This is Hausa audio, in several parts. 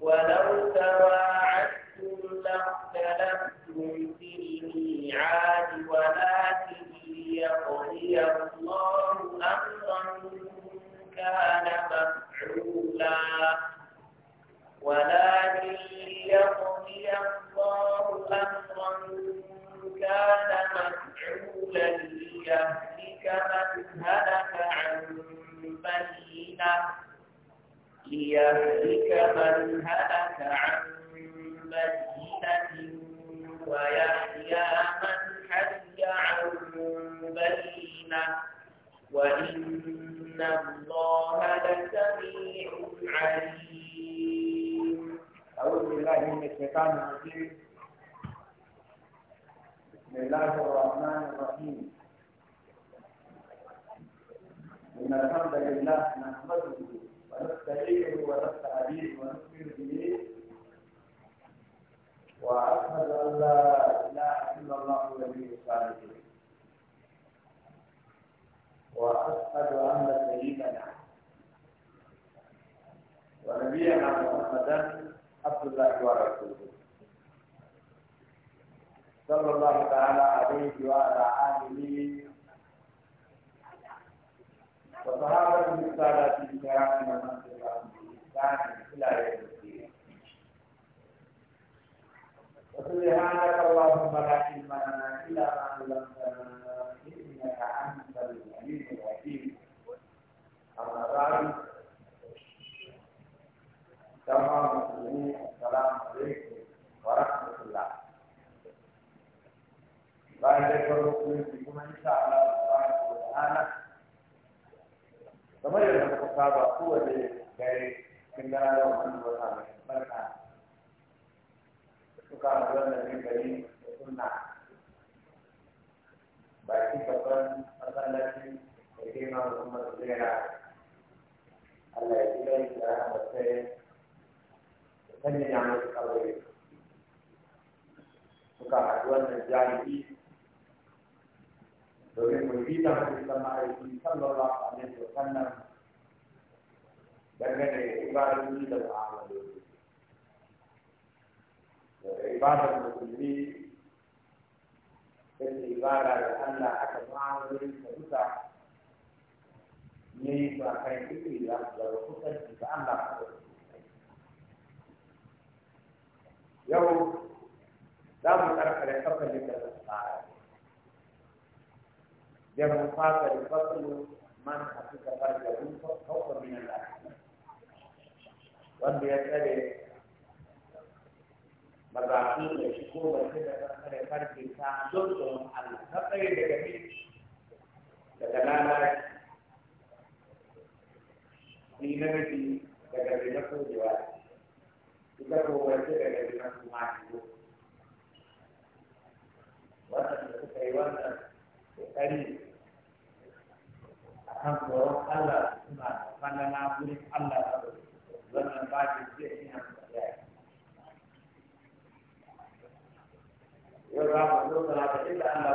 ولو ترى يهلك من هلك عن بينة ويحيى من حي عن بينة وإن الله لسميع عليم أعوذ بالله من الشيطان الرجيم بسم الله الرحمن الرحيم إن الحمد لله نحمده ونستعينه ونستعين ونؤمن به واشهد ان لا اله الا الله ولي الصالحين واشهد ان سيدنا ونبينا محمدا عبد الله ورسوله صلى الله تعالى عليه وعلى اله وصحابة الرسالة في كلام ومن تبعهم بإحسان إلى يوم الدين وسبحانك اللهم لا علم لنا إلا ما علمتنا إنك أنت العليم الحكيم أما بعد تمام المسلمين السلام عليكم ورحمة الله بعد ذكر المسلمين إن شاء الله سبحانه وتعالى kamar yadda muka saba kowane dare cikin gana da wani wata mai barka da suka magana ne gari da sunna baki babban masallaci da ke ma muhammad zera Allah ya kira shi da rahama sai da sanya ya mai kawai suka haɗu wannan jami'i dovremmo invitare questa di domin mu yi da hadisan ma'aiki sallallahu alaihi wa sallam dangane da ibadoji da mu'amaloli da ibadar musulmi take ibada da a aka mu'amalolin da duka ne yi a kai duk da daga kusanci da Allah yau za mu karkare kafin da ta tsara جمع فات الفصل من حفظ فرجه فوق من الأحسن wanda ya tsare mazaɓi da shi ko ba shi da tsare farke ta zurfin Allah ta tsaye daga min daga lalaci ni na miji daga zina ko jiwa ita ko wace daga zina ko ma wanda suka yi wannan قريب أهم فوق الله سبحانه فانا نعبد الله ولا نبعد جهنم يعني يرى الله إلا أن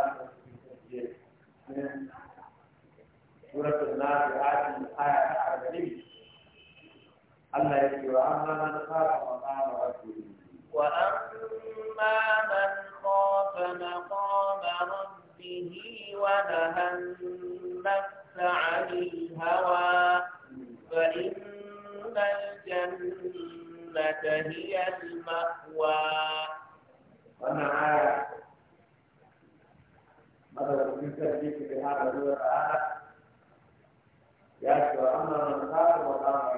سورة النار آية آية عظيمة الله يقول أما من خاف مقام ربه وأما من خاف مقام ربه به ونهى النفس عن الهوى فإن الجنة هي المأوى ومع مثلا من تهديك بهذا الدور تعالى يا أما من خاف وقام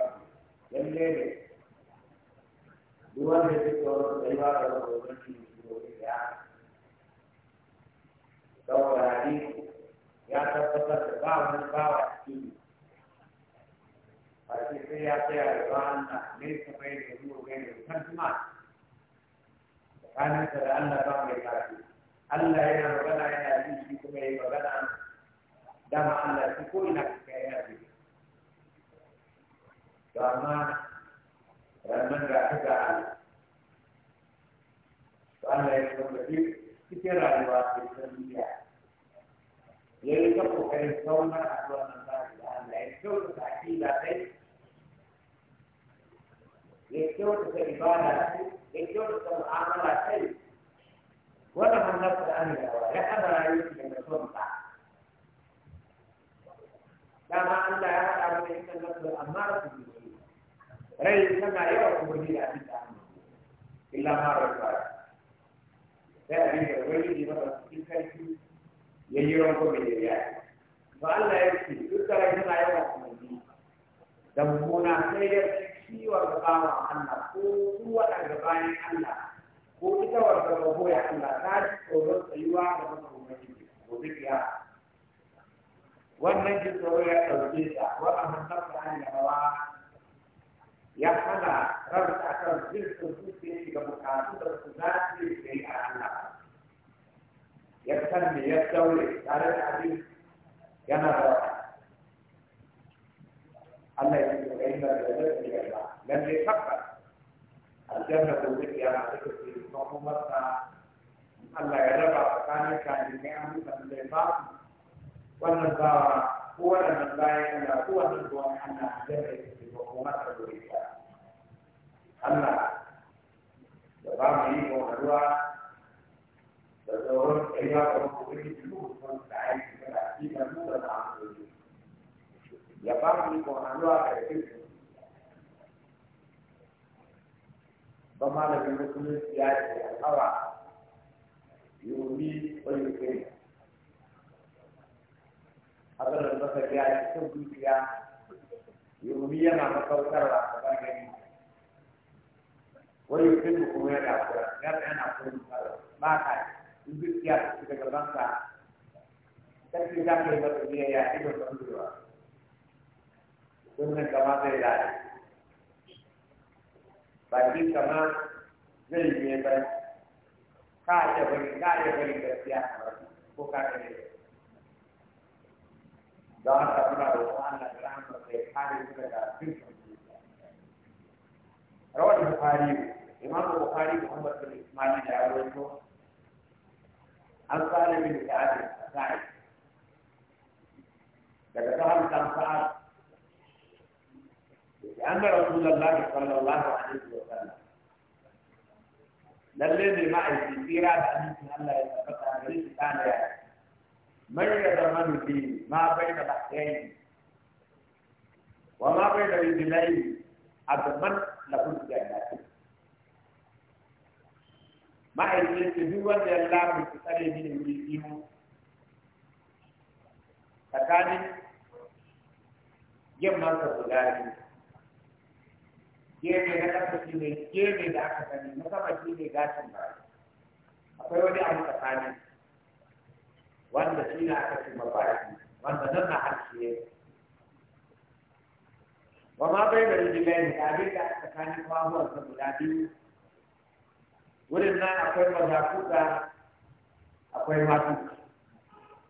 دون العبادة في saboda hadisi ya tabbatar da ba wani bawa cikin Así sai ya sea de banda, listo, pero no viene de Santumar. Kanisa da Allah ba mai kafi. Allah yana magana yana ji shi kuma ya magana dama Allah shi ko ina kuka yana ji. To amma ranar ga ta ga Allah. To Allah ya zama da cikin rayuwa sai ta ya yi ta kokarin a zuwa nan ba da Allah ya kyauta ta aƙida sai ya kyauta ta ibada sai ya kyauta ta mu'amala sai wannan hannarsa da an yawa ya haɗa rayuwa daga son ta dama Allah ya haɗa mu da ita nasu amma da su rai tana yawa kuma ne da abin da an illa ma da abin da ubangiji masa cikin karfi ya yi ranko mai da yaya ba Allah ya ce duk kare suna yawan umarni da mummuna sai ya ciwon da bawa Allah ko su waɗanda bayan Allah ko ita wanda ba goya Allah ta ci tsoron tsayuwa da masa umarni gobe kiyama wannan jin tsoro ya ɗauke ta wa a hannun sa'ani da hawa ya hana ran akan zirkin zuciyar shi ga bukatu da su Allah ya san ya daure tare da abin yana da Allah ya ce ga inda da zai yi ba lalle tabbas aljanna da wuce ya ta Allah ya raba tsakanin kan ne an da ba wannan bawa هو من باين هو من دون أن أحدث الحكومة الأمريكية أما لبعض يجوا هدوء تدور أيها الرسول يقول تعالى في مدة عمرو لبعض يجوا هدوء كثير فما لم يكن سياسي الهوى يؤذي ويؤذي abin da baka biya da cikin dukiya yomi yana makautarwa a bangare wani mutum kuma yana kura ya ta yana kura misali ba ka in dukiya ta ci daga banka kafin za ka yi masa biya ya ido kan duwa wannan kama zai dare baki kama zai yi ne ba ka ce bari ka ce bari gaskiya ko ka ne don haka muna roƙon Allah da rahama sai kare su daga dukkan rawar Bukhari Imam Bukhari Muhammad bin Ismail da ya rawaito an sare min da ake sa'i daga sahal kan sa'ad an da Rasulullahi sallallahu alaihi wa sallam lalle ne ma'aikata tsira da amincin Allah ya tabbata da shi kana yaya من يضمن فيه ما بين بحرين وما بين da أضمن له الجنة ما يجلس هو الله من تسأل من يريده tsakanin yin masa guda biyu gefe na ƙasa shi ne gefe da aka sani na sama shi ne gashin ba akwai wani abu tsakanin wanda shi ne aka ce mabaki wanda nan na harshe ne ba ma bai da rijilai ne abin da tsakanin kwamuwar sa guda biyu wurin nan akwai mazakuta akwai matuka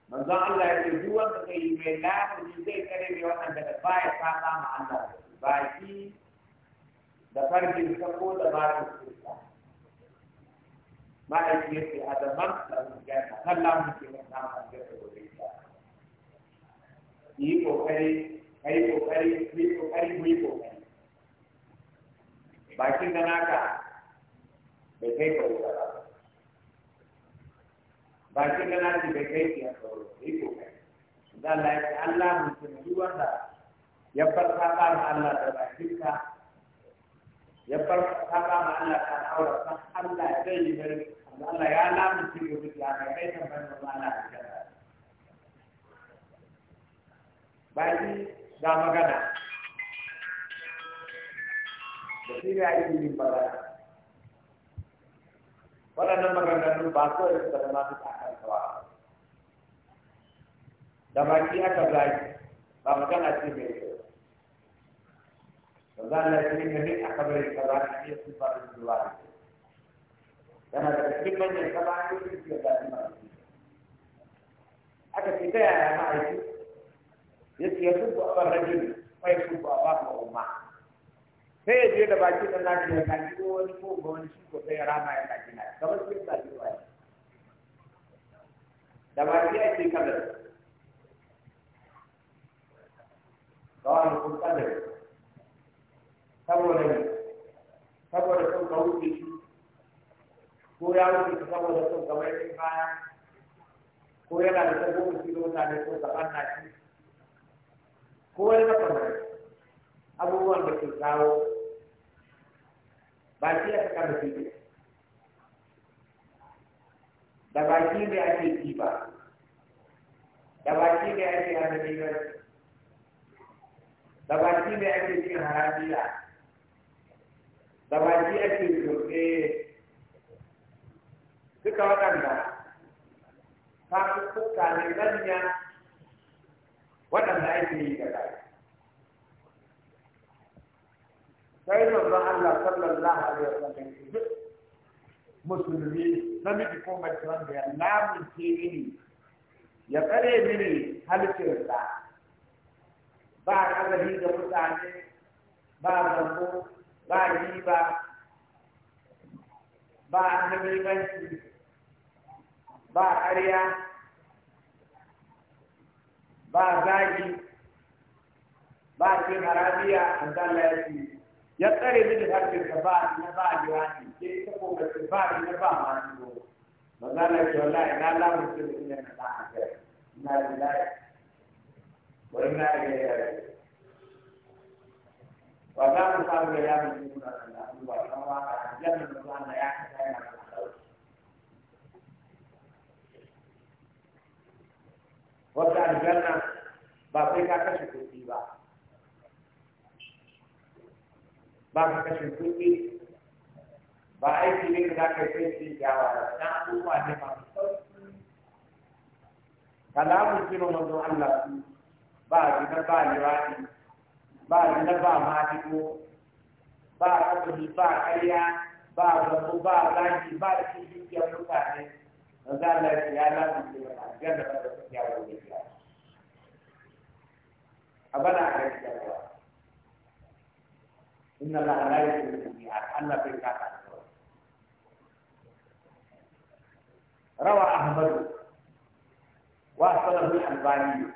manzon Allah ya ce duk wanda zai yi mai lafiya zai kare ne wannan daga baya saba ma Allah baki da farkin ko da ba ta ما يجري هذا المنصب كان هلا ممكن نعمل هذا yi kokari kai kokari kai kokari mu yi kokari bakin da naka bai kai ka wuta ba bakin da naki bai kai ki ka wuta yi kokari da Allah Allah mutum duk ya farka Allah da bakinka ya farka ta kama Allah ta aura san Allah zai yi bari Allah ya lamu shi ga mutum ya kai kan bani Allah ya Ba baki ga magana da shi ya yi yin magana waɗannan maganganu ba so da suka zama su takan ba da baki aka zaki ba magana ce mai kyau فقال الذين من أقبل الكبائر هي صفات الواحد كما تكتب من الكبائر في ذات حتى كتاب يا معي يسي يسب أبا الرجل ويسب أباه وأمه sai ya je da baki da nashi ya kaji ko wani ko ga wani shi ko sai ya rama ya kaji na kamar sai ya da baki ake kadar kawai kun kadar saboda ne saboda sun ka wuce shi ko ya wuce shi saboda sun ka mai baya ko yana da sabo da shi da mutane sun ka ɓanna shi ko wani makamai abubuwan da ke kawo ba shi ya saka da shi da baki ne ake kiba da baki ne ake hannun da baki ne ake cin haramiya da baki ake dutse duka waɗanda fasussuka ne manya waɗanda ake yi da baki sai manzon Allah sallallahu alaihi wasallam duk musulmi namiji ko mace wanda ya lamunce mini ya tsare mini halittarsa ba a da mutane ba zambo ba riba ba hamimanci ba ƙarya ba zagi ba cin harabiya an zalla ya ce ya tsare mini harfin ka ba na ba diwani ke ta ko ka ba na ba ma ni go ba za na ce wallahi na lamun ce ne na ba a kai na lillahi wa inna ilaihi raji'un وكان صاحب الأيام يقولون أن الله جل وعلا لا يحتاج إلى wata aljanna ba sai ka kashe kuɗi ba ba ka kashe kuɗi ba aiki ne da za yi sai gyawa da na abubuwa ne masu sauƙi kalamun jirin wanzu Allah ba a gina ba liwaɗi ba zina ba maliko ba kasuri ba karya ba zabo ba zaki ba da cin dukiyar mutane na zalar ya lafi da ajiyar da ba da ya gobe ya a bana a gaskiya inna la la yusufi Allah bai kaka روى أحمد وأحسنه الألباني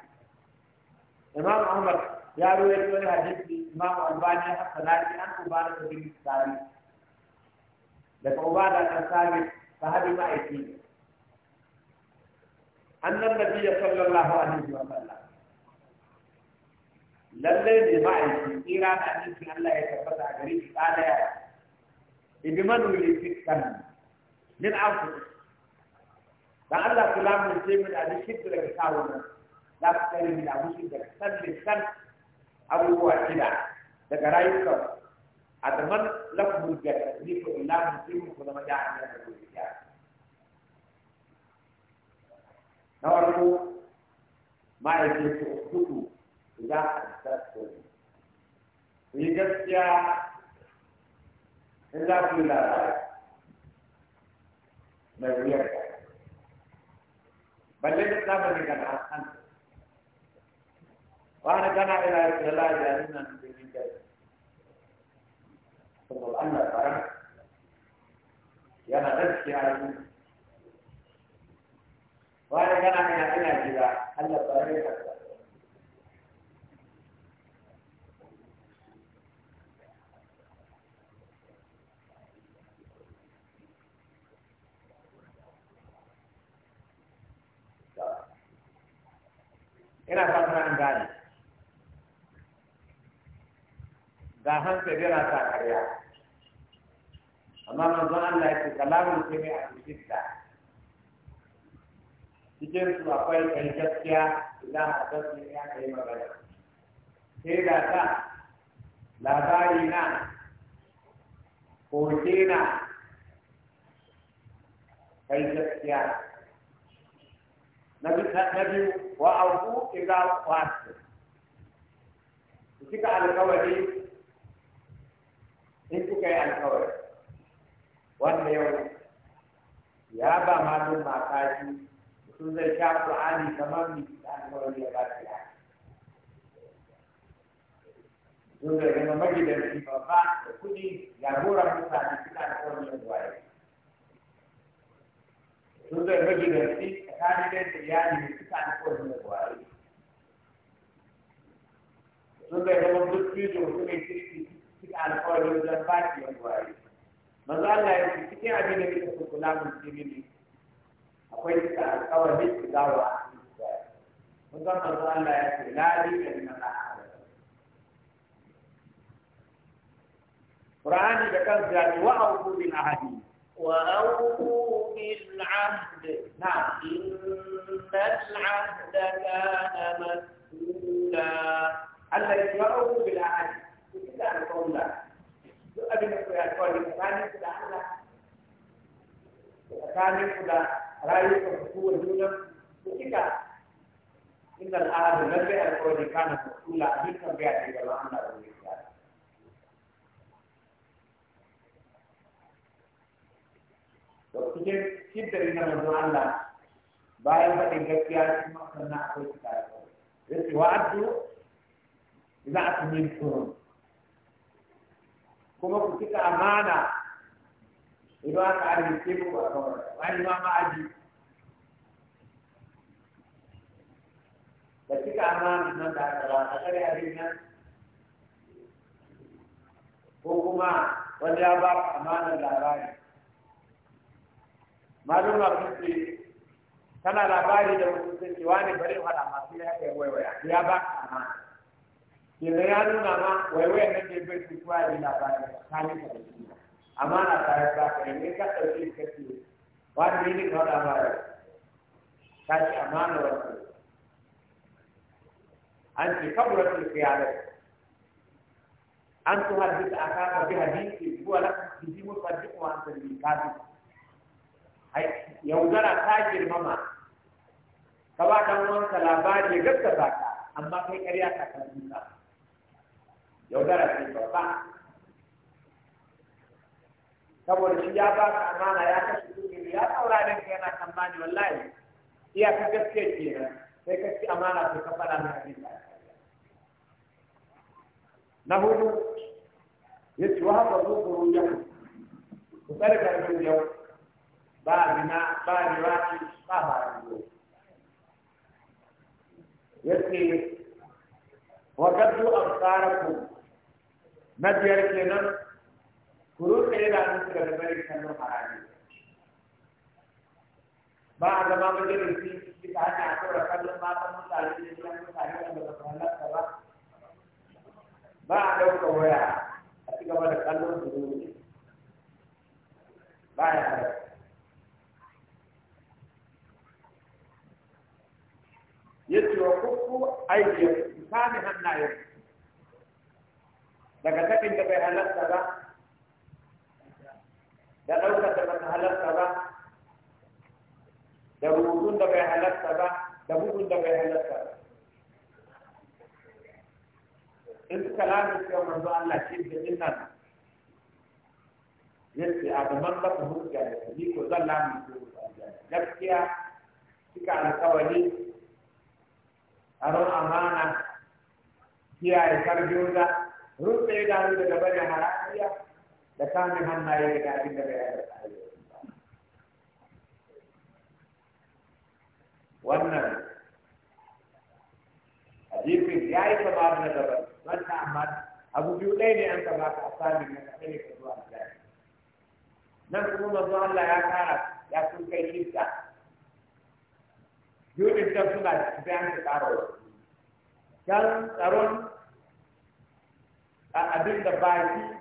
إمام عمر ya rawaito wani hadisi Imam Albani a Sanadi an ubara da bin Sari daga ubara da Sari sahabi ma yake annan nabi sallallahu alaihi wa sallam lallai ne ba a yi tsira na nufin Allah ya tabbata a gari ki tsada ya min afu dan Allah kula mun ce mun a duk daga kawo nan za ku tsare mu da mushi san lissan abubuwa shida daga rayukan a zaman lafiyar da ni ko illa mutum ko zama da an da gobe ya na farko ma'aikin su kudu a tsara ku yi gaskiya in za ku yi labari mai wuyar balle da zamanin gana an tsara وانا كان a لا جانبنا من دين الله saboda Allah tsaron yana da mu ba da ina ina gida Allah tsaron ya karɓa ina fatan an gane da hankali yana sa karya amma manzon Allah ya ce kalamun sai mai alfidda cikin su akwai kai gaskiya idan a haddasa ya kai magana sai da sa labari na koke na kai gaskiya na biyu wa auku idza wasu cika alkawari in kuka yi alkawari wanda yau ya ba malum mata shi sun zai sha Qur'ani kamar mi da alkawari ya ba ta ya sun zai gama magidanci babba da kuɗi jagoran mutane suna alkawari ya zuwa yau sun zai magidanci tsakanin da iyali da suna alkawari ya zuwa yau sun zai gama duk fijo su ne kirki alƙawarin zan ba ki wani waye manzo Allah ya ce cikin abin da kika so kula musulmi ne akwai cika alƙawarin ki zawo a cikin waye mun san manzo Allah ya ce la dina liman ahada Qur'ani da kansa ya ce wa aqu bil ahadi وأوفوا بالعهد نعم إن العهد كان مسؤولا الذي يأوفوا بالعهد ina da kawula duk abin da koya kawai tsakanin ku da Allah tsakanin ku da rayuwar ku wa junan ku kika inda al'adu na bai alkawari kana kula abin kan bai a cikin Allah da wuri to cikin cikin na manzon Allah bayan faɗin gaskiya kuma sannan akwai kuma ku cika amana idan aka arziki muku ba kawai wani ma ma'aji da cika amana nan da aka ba a kare abin nan ko kuma wani ya ba amanar labari malum na kuce kana labari da mutum sai wani bari fara masu ya kai waiwaya ya ba amana kina ya nuna ma waiwai nan da bai fi kuwa yi labarin tsakanin ka da juna amma na tare da ka yi ne ka ɗauke ka ce wani ne ka wada mara ta ce amma na wasu an ce kabura ce kiyalar an tu hadisa a kaka bi hadisi zuwa na jiji musa duk wa an sani kafi yaudara ta girmama ka ba ɗan wanka labari ya gaskata ka amma kai ƙarya ka kan duka Yau yaudara ce babba saboda shi ya ba ka amana ya kashe kuɗi ya saura da ka yana tsammani wallahi iya ka gaske kenan sai ka ci amana sai ka fara mai abin da na hudu ya ci wa ba zo ku rujan ku tsare ka rujan ba zina ba riwaci ba ba yau, ya ce wa gaddu absarakum na biyar kenan ku rufe roƙa yana musu da bari kallon harami ba a zama majalisi bisa hanya a kawai kallon matan mutane da gidan mutane da ba su halatta ba ba a ɗauka waya a ci gaba da kallon su ne ba ya halatta yace wa kuku aiki ku sami hannayen daga sakin da bai halarta ba da ɗaukar da bai halarta ba da rubutun da bai halarta ba da bugun da bai halarta ba in suka lafi cewa manzo Allah shi da innan yace a gaban baka hujja da ni ko zan lamu ko gaskiya suka alƙawari a amana kiyaye sarjoza rufe idanu daga barin haramiya da kamin hannaye daga abin da bai aikata wannan hadisin ya yi kama da na daban wannan amma abu biyu ɗaya ne an gaba ka asali na kaɗai ka zuwa da nan kuma manzo Allah ya kara ya sun kai shidda biyu ɗin suna cikin an ka ƙara wasu can tsaron a abin da baki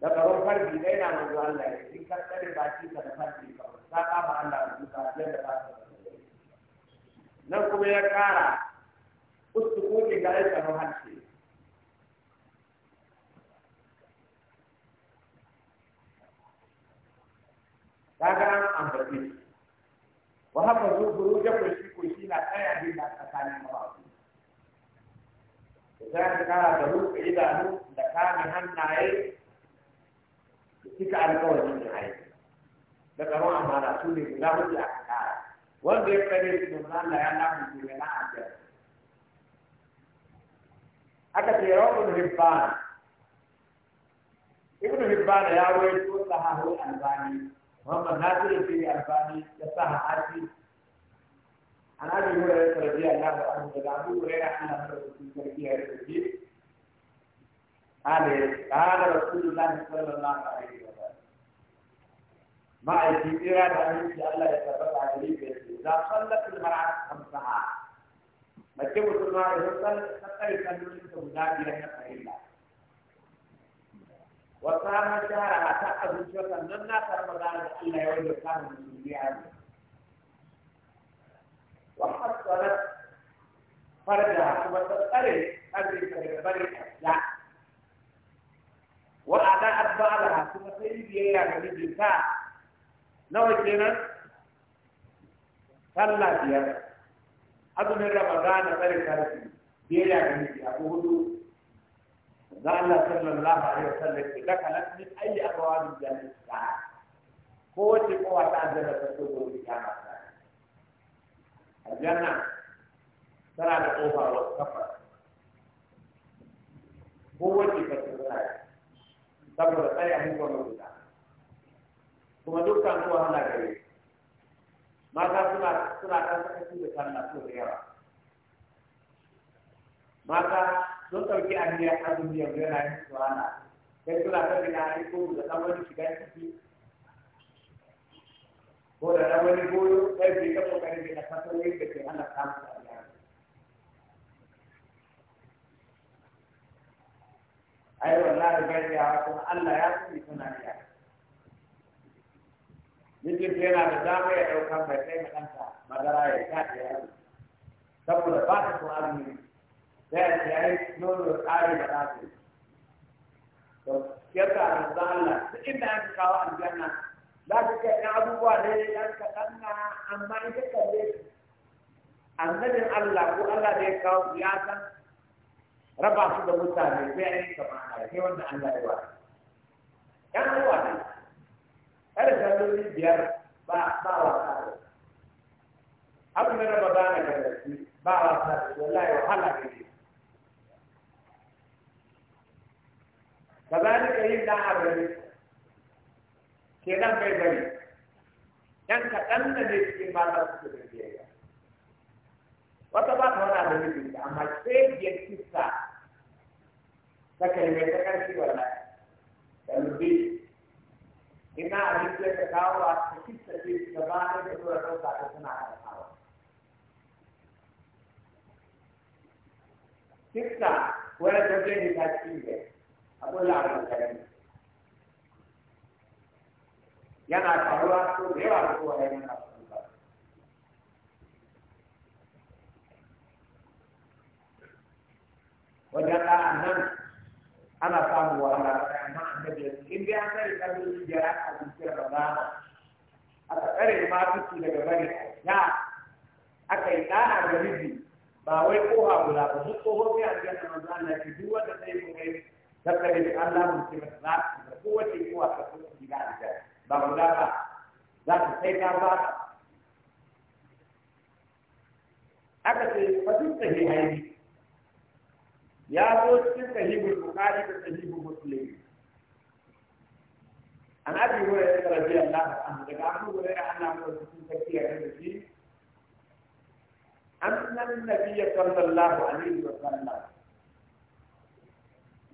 da karon farbi dai na manzo Allah ya yi, ka tsare baki ka da farbi ka ta ka ba Allah ku ka da ba nan kuma ya kara ustuku ga aika no harshe kaga an ambace wa haka zuwa ruja ko shi ko shi na tsaya bin da tsakanin ba za ka kara da rufe idanu da kame hannaye da cika alkawarin da aiki da tsaron amana su ne guda hudu aka kara wanda ya kare su domin Allah ya lafi su ne na ajiyar aka ce rawar ribban ibnu hibban ya rawaito sahahu albani muhammad nasir fi albani ya da sahahati عن ابي هريره رضي الله عنه عن ابي هريره ان الرسول تركيه الرجيم قال قال رسول الله صلى الله عليه وسلم ما يجي إرادة أن الله يتبقى عليه إذا صلت المرأة خمسها ما تقول الله يصل حتى يسلم الزوجات لأن فإلا وصام شهرها تأخذ شهرا لنا رمضان الله يوجد كان من المسلمين وحصلت فرجها وتقرب أمرك لبرك لا وأنا أتبع لها ثم سيدي يا نبي بكاء نوى كنا صلى بيار أظن رمضان بركة بيار نبي أبو هدو قال صلى الله عليه وسلم دخلت من أي أبواب الجنة الساعة قوة قوة عندنا تسوق الجامعة aljanna tana da kofa wa kafa ko wacce ka tsaya saboda tsaya hukun mutunta kuma dukkan kowa hana gare mata suna suna kan sakaci da sallah so da yawa mata sun ɗauki anniya azumi yanzu yana yin suwana sai suna kan gina ko da ɗan wani shiga ciki ko da na wani goyo kai bai ka kokari da ka san yadda ke ana samun tsariya ai wallahi bai ya Allah ya sani kuna iya mijin yana da dama ya dauka mai kai na ɗansa madara ya sha da yaro saboda ba ta kuma azumi sai a ce nono da tsari da ɗansa to yadda Allah duk inda aka kawo aljanna za ka ɗan abubuwa ne ɗan kaɗan na amma in ka kalle su annabin Allah ko Allah da ya kawo ya san raba su da mutane sai an yi kama ana sai wanda Allah ya wa ɗan abubuwa ne kada salloli biyar ba ba wa kare abin da raba ba na gargaɗi ba wa kare wallahi wahala ne كذلك يمنع الرزق kenan bai bari yan kaɗan da ne cikin mata su da wata ba ta wani da mijinta amma sai ya kisa ta kalmai ta ƙarfi wallahi da lubi ina abinci ya kawo a ta kisa ce ta ba ne da zuwa ɗauka ta suna haɗawa kisa wani ta ce ta cikin da abu la'arar da ne yana faruwa ko da yawa da kowa yana faruwa wajen ɗa'an nan ana samun wahala tsakanin annabi in dai an tsare su zuciya a zuciyar rana aka tsare matuki daga bari ya aka yi ɗa'a ga miji ba wai ƙoha guda ba su ƙoho ne a cikin manzo Allah ki duk wanda sai mun kai tattare da Allah mun ce masa da kowace kowa ta kusa gida a jari ba ku za ka za ka sai ka ba ka aka ce fatin sahihaini ya zo cikin sahihul bukhari da sahihul muslim an abi hurairah radiyallahu anhu daga abu hurairah annabi sallallahu alaihi wasallam أن النبي صلى الله عليه وسلم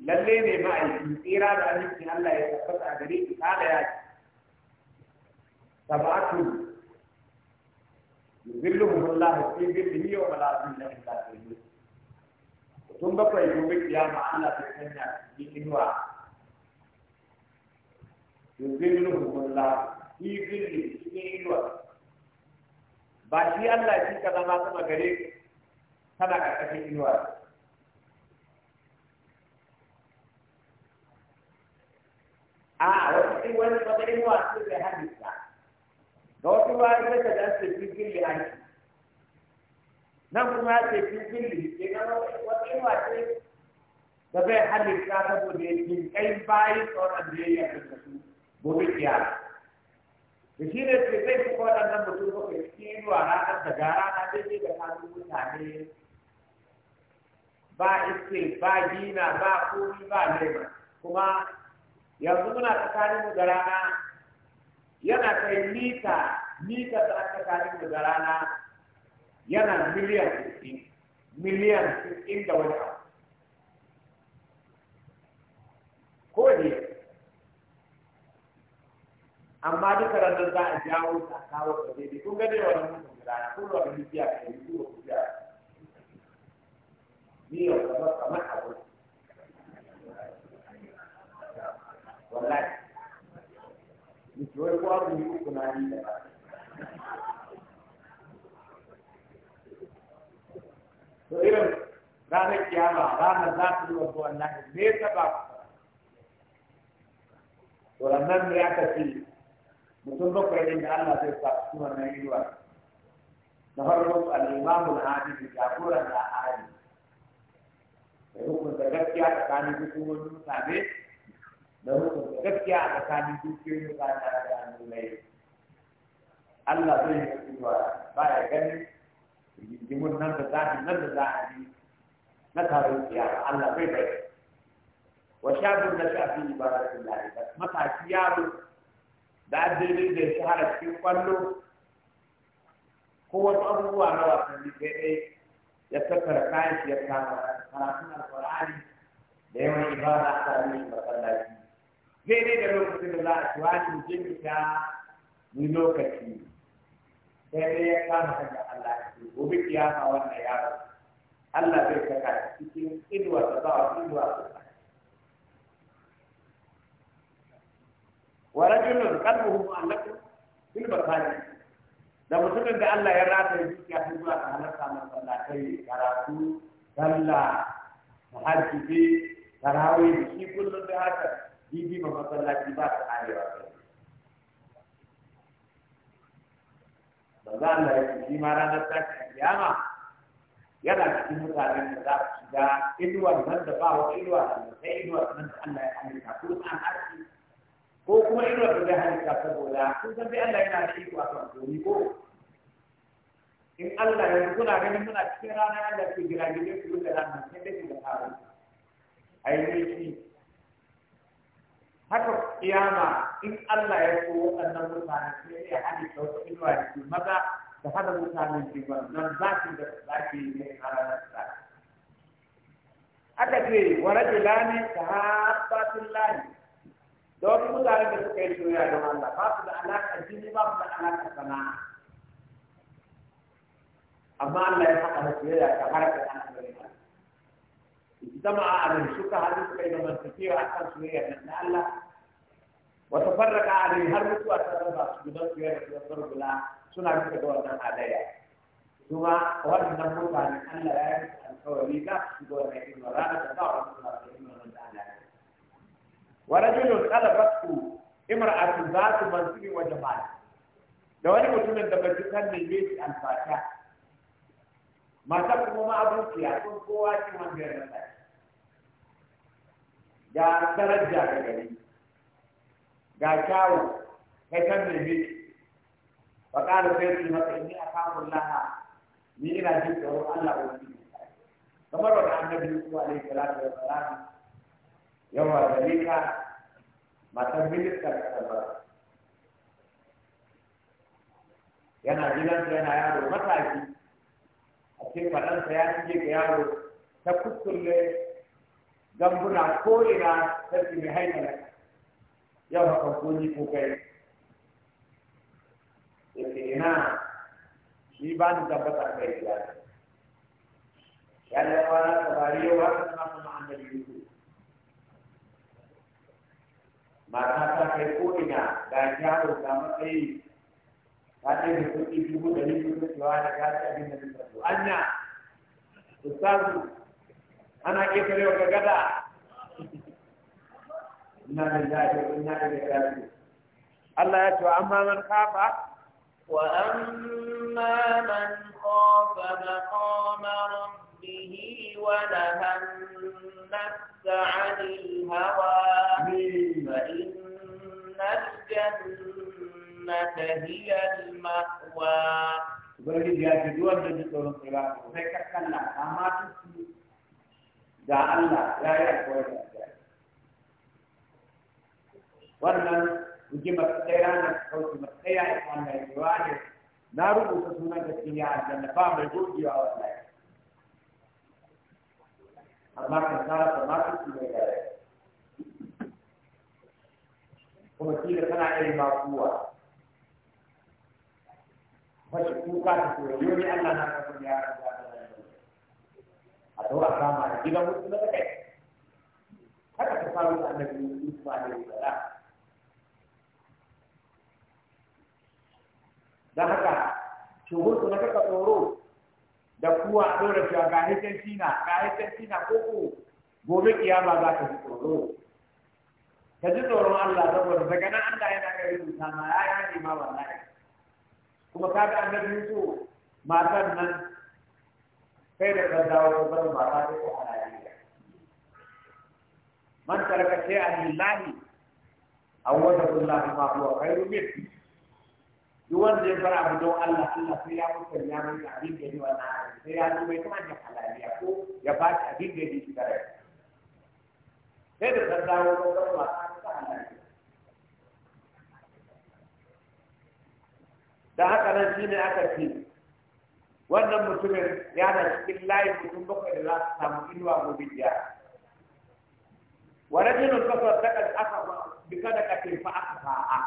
للين ما يصير هذا أن الله يتفقد عليه قال يا سبعة يذلهم الله في ظله يوم لا ظل إلا ظله tun bakwai gobe kiyama ana ta sanya inuwa yuzillu hukulla fi zilli cikin inuwa ba shi Allah shi ka zama sama gare kana karkashin inuwa a wasu wani wata inuwa ga wata ruwa ya ta da ce fi gilli aiki nan kuma ya ce fi gilli ke gano wata ruwa ce da bai halitta saboda ya fi kai bayan tsoron da ya yi a kankasu gobe kiyar da shi ne ce zai fi waɗannan mutum bakwai cikin ruwa ranar da gara na daidai da kanun mutane ba iske ba gina ba komi ba lema kuma yanzu muna tsakanin mu da rana yana kai mita ni da aka kare daga rana yana miliyan 60 miliyan 60 da wani abu ko ne amma duka ranar za a jawo ta kawo ta daidai kun gane wani mutum rana kun wani bibiya ka yi zuwa kuja ni yau kamar kamar abu wallahi ni ko abu ni na ni da ba to irin ranar kiyama ranar za ta zuwa zuwa nan me ta ba ku to ranar ne aka ce mutum bakwai ne da Allah zai sa su wannan inuwa na farko al-imamu al-adil jagoran da adil da hukunta gaskiya tsakanin hukumomin mutane da hukunta gaskiya a tsakanin dukiyoyin mutane a tsakanin lai Allah zai yi wa ba ya ganin rigimin nan da zafi nan da yi na taron tsiyara Allah bai bai wa shabun na shafi ibaratun lahi ba matashi yaro da addinin da ya shahara cikin kwallo ko wasu abubuwa na wasanni kai ɗaya ya tattara kayan shi ya kama karatun alkur'ani da yawan ibada a tsarin shi masallaci zai ne da lokacin da za a ci wani mutum ni lokaci sai ya kama daga da Allah ya ce gobe kiyama wannan yaro Allah zai saka cikin inuwa da ba inuwa da wa rajulun qalbuhu mu'allaqun bil masajid da mutumin da Allah ya rata zuciya ya zuwa ga halarta kai karatu sallah muhajjibi tarawih shi kullum da haka bibi ma masallaci ba ta karewa ba za Allah ya ce ma ranar tashin kiyama yana cikin mutane da za su shiga inuwar nan da ba wa inuwa da sai inuwar nan da Allah ya halitta ko an harshe ko kuma inuwar da ya halitta saboda kun san dai Allah yana da iko a kan domin ko in Allah ya kuna ganin muna cikin ranar Allah ke gira gidan su da ranar sai dai da harin shi. haka kiyama in Allah ya so waɗannan mutane sai ya haɗe da wata inuwa da ke maza da hada mutanen ke ba nan zafin da yi ne a ranar sa. Aka ce wa rajulani da haɓatun lani da wasu mutane da suka yi soyayya don Allah ba su da alaƙa jini ba su da alaƙa sana'a. Amma Allah ya haɗa da soyayya ta harkar ana gari Allah. اجتمع على الشكا هذه كي لما تسير أكثر سوريا من الله وتفرق عليه هل متوا تربى سجدان سوريا تذكر بلا سنة بك دورنا عليها ثم وهل نقول عن أن لا يجب أن تولي لك سجدان حكيم ورانا تدعو رسول الله ورجل قال قلبته امرأة ذات منزل وجمال لو أن متمن دبجتان من بيت الفاتحة mata kuma ma abuciya kun kowa cin hambiyar na tsari ga daraja ga gari ga kyawun kai kan mai miki ba ƙara sai su maka inni a kamun laha ni ina jin tsoron Allah wani ne kamar wani annabi Yusuf alaihi salatu wa salam yawa da leka matan ministan kasar ba yana gidansa yana yaro mataki sai faɗansa ya shige ga yaro ta kuskulle gambuna ko'ina ina ta mai haikala yau haka ko ni ko kai yake ina shi ba ni tabbata kai ya ya da fara tabari yau haka na kuma annabi yusuf mata ta kai ko ina ga yaro ga matsayi ka ce da kuɗi dubu ɗari ko da cewa da ka ce abin da zai faru anya ustazu ana ƙetare wa gagada inna lillahi wa inna da raji'un Allah ya ce amma man kafa وأما من خاف da ربه ونهى النفس عن الهوى فإن الجنة الجنة هي المأوى ubangiji ya ce duwan da ji tsoron tsira sai amma ga Allah ya yi da wannan kuji matsayi ranar kauci matsayi ya ne na rubuta sunan da cikin ya aljanna mai gogewa wallahi amma tsara ta masu su kuma tana irin makuwa mace kuka ta koya yoni Allah na ka kun yaran da a dora kama da gidan mutum da kai haka ta faru da annabi Musa alaihi salam dan haka shugur kuma ta tsoro da kuwa dora cewa ga hitan sina ga hitan sina ko ko gobe kiyama za ta fi tsoro ka ji tsoron Allah saboda daga nan Allah yana ga rubuta ma ya yi ma wallahi kuma kaga annabi so matan nan sai da dawo ko bar ba ta ko halayya man taraka shay'an lillahi awwadahu billahi ma huwa khairu min duwan wanda ya bar abu don Allah Allah sai ya mutu ya mai abin da yi wannan sai ya zo mai kuma da halayya ko ya ba shi abin da yi shi da rai sai da gaggawa ko bar mata ta halayya da haka nan shi ne aka ce wannan mutumin yana cikin layin mutum bakwai da za su samu inuwa gobe jiya wa rajulun kasar daga aka bi sadaqatin fa aka fa'a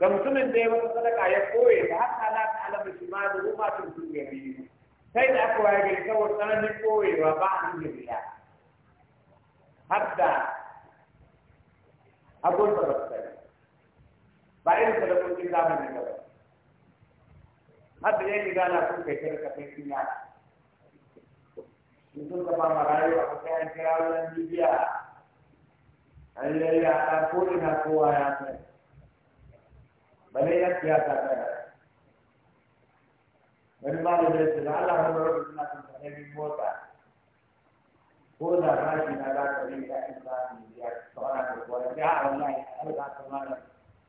da mutumin da ya wata sadaka ya koye da haka la ta alama shi ma da ruwa tun tun gari sai da aka waye gari saboda tsananin koyewa ba a nuna riya hadda abun da ba su ba irin sadakokin zamanin da ba har da yake gana sun kai kai ka kai sun yara sun zama marayu a kayan kirawunan bibiya an yi ya ta ko ina kowa ya san bane ya siyasa ta wani ba ya ce da Allah wani rabu suna kan tsanani mota ko da rashi na za ka rinka in za ka ya tsawara da ya a wallahi an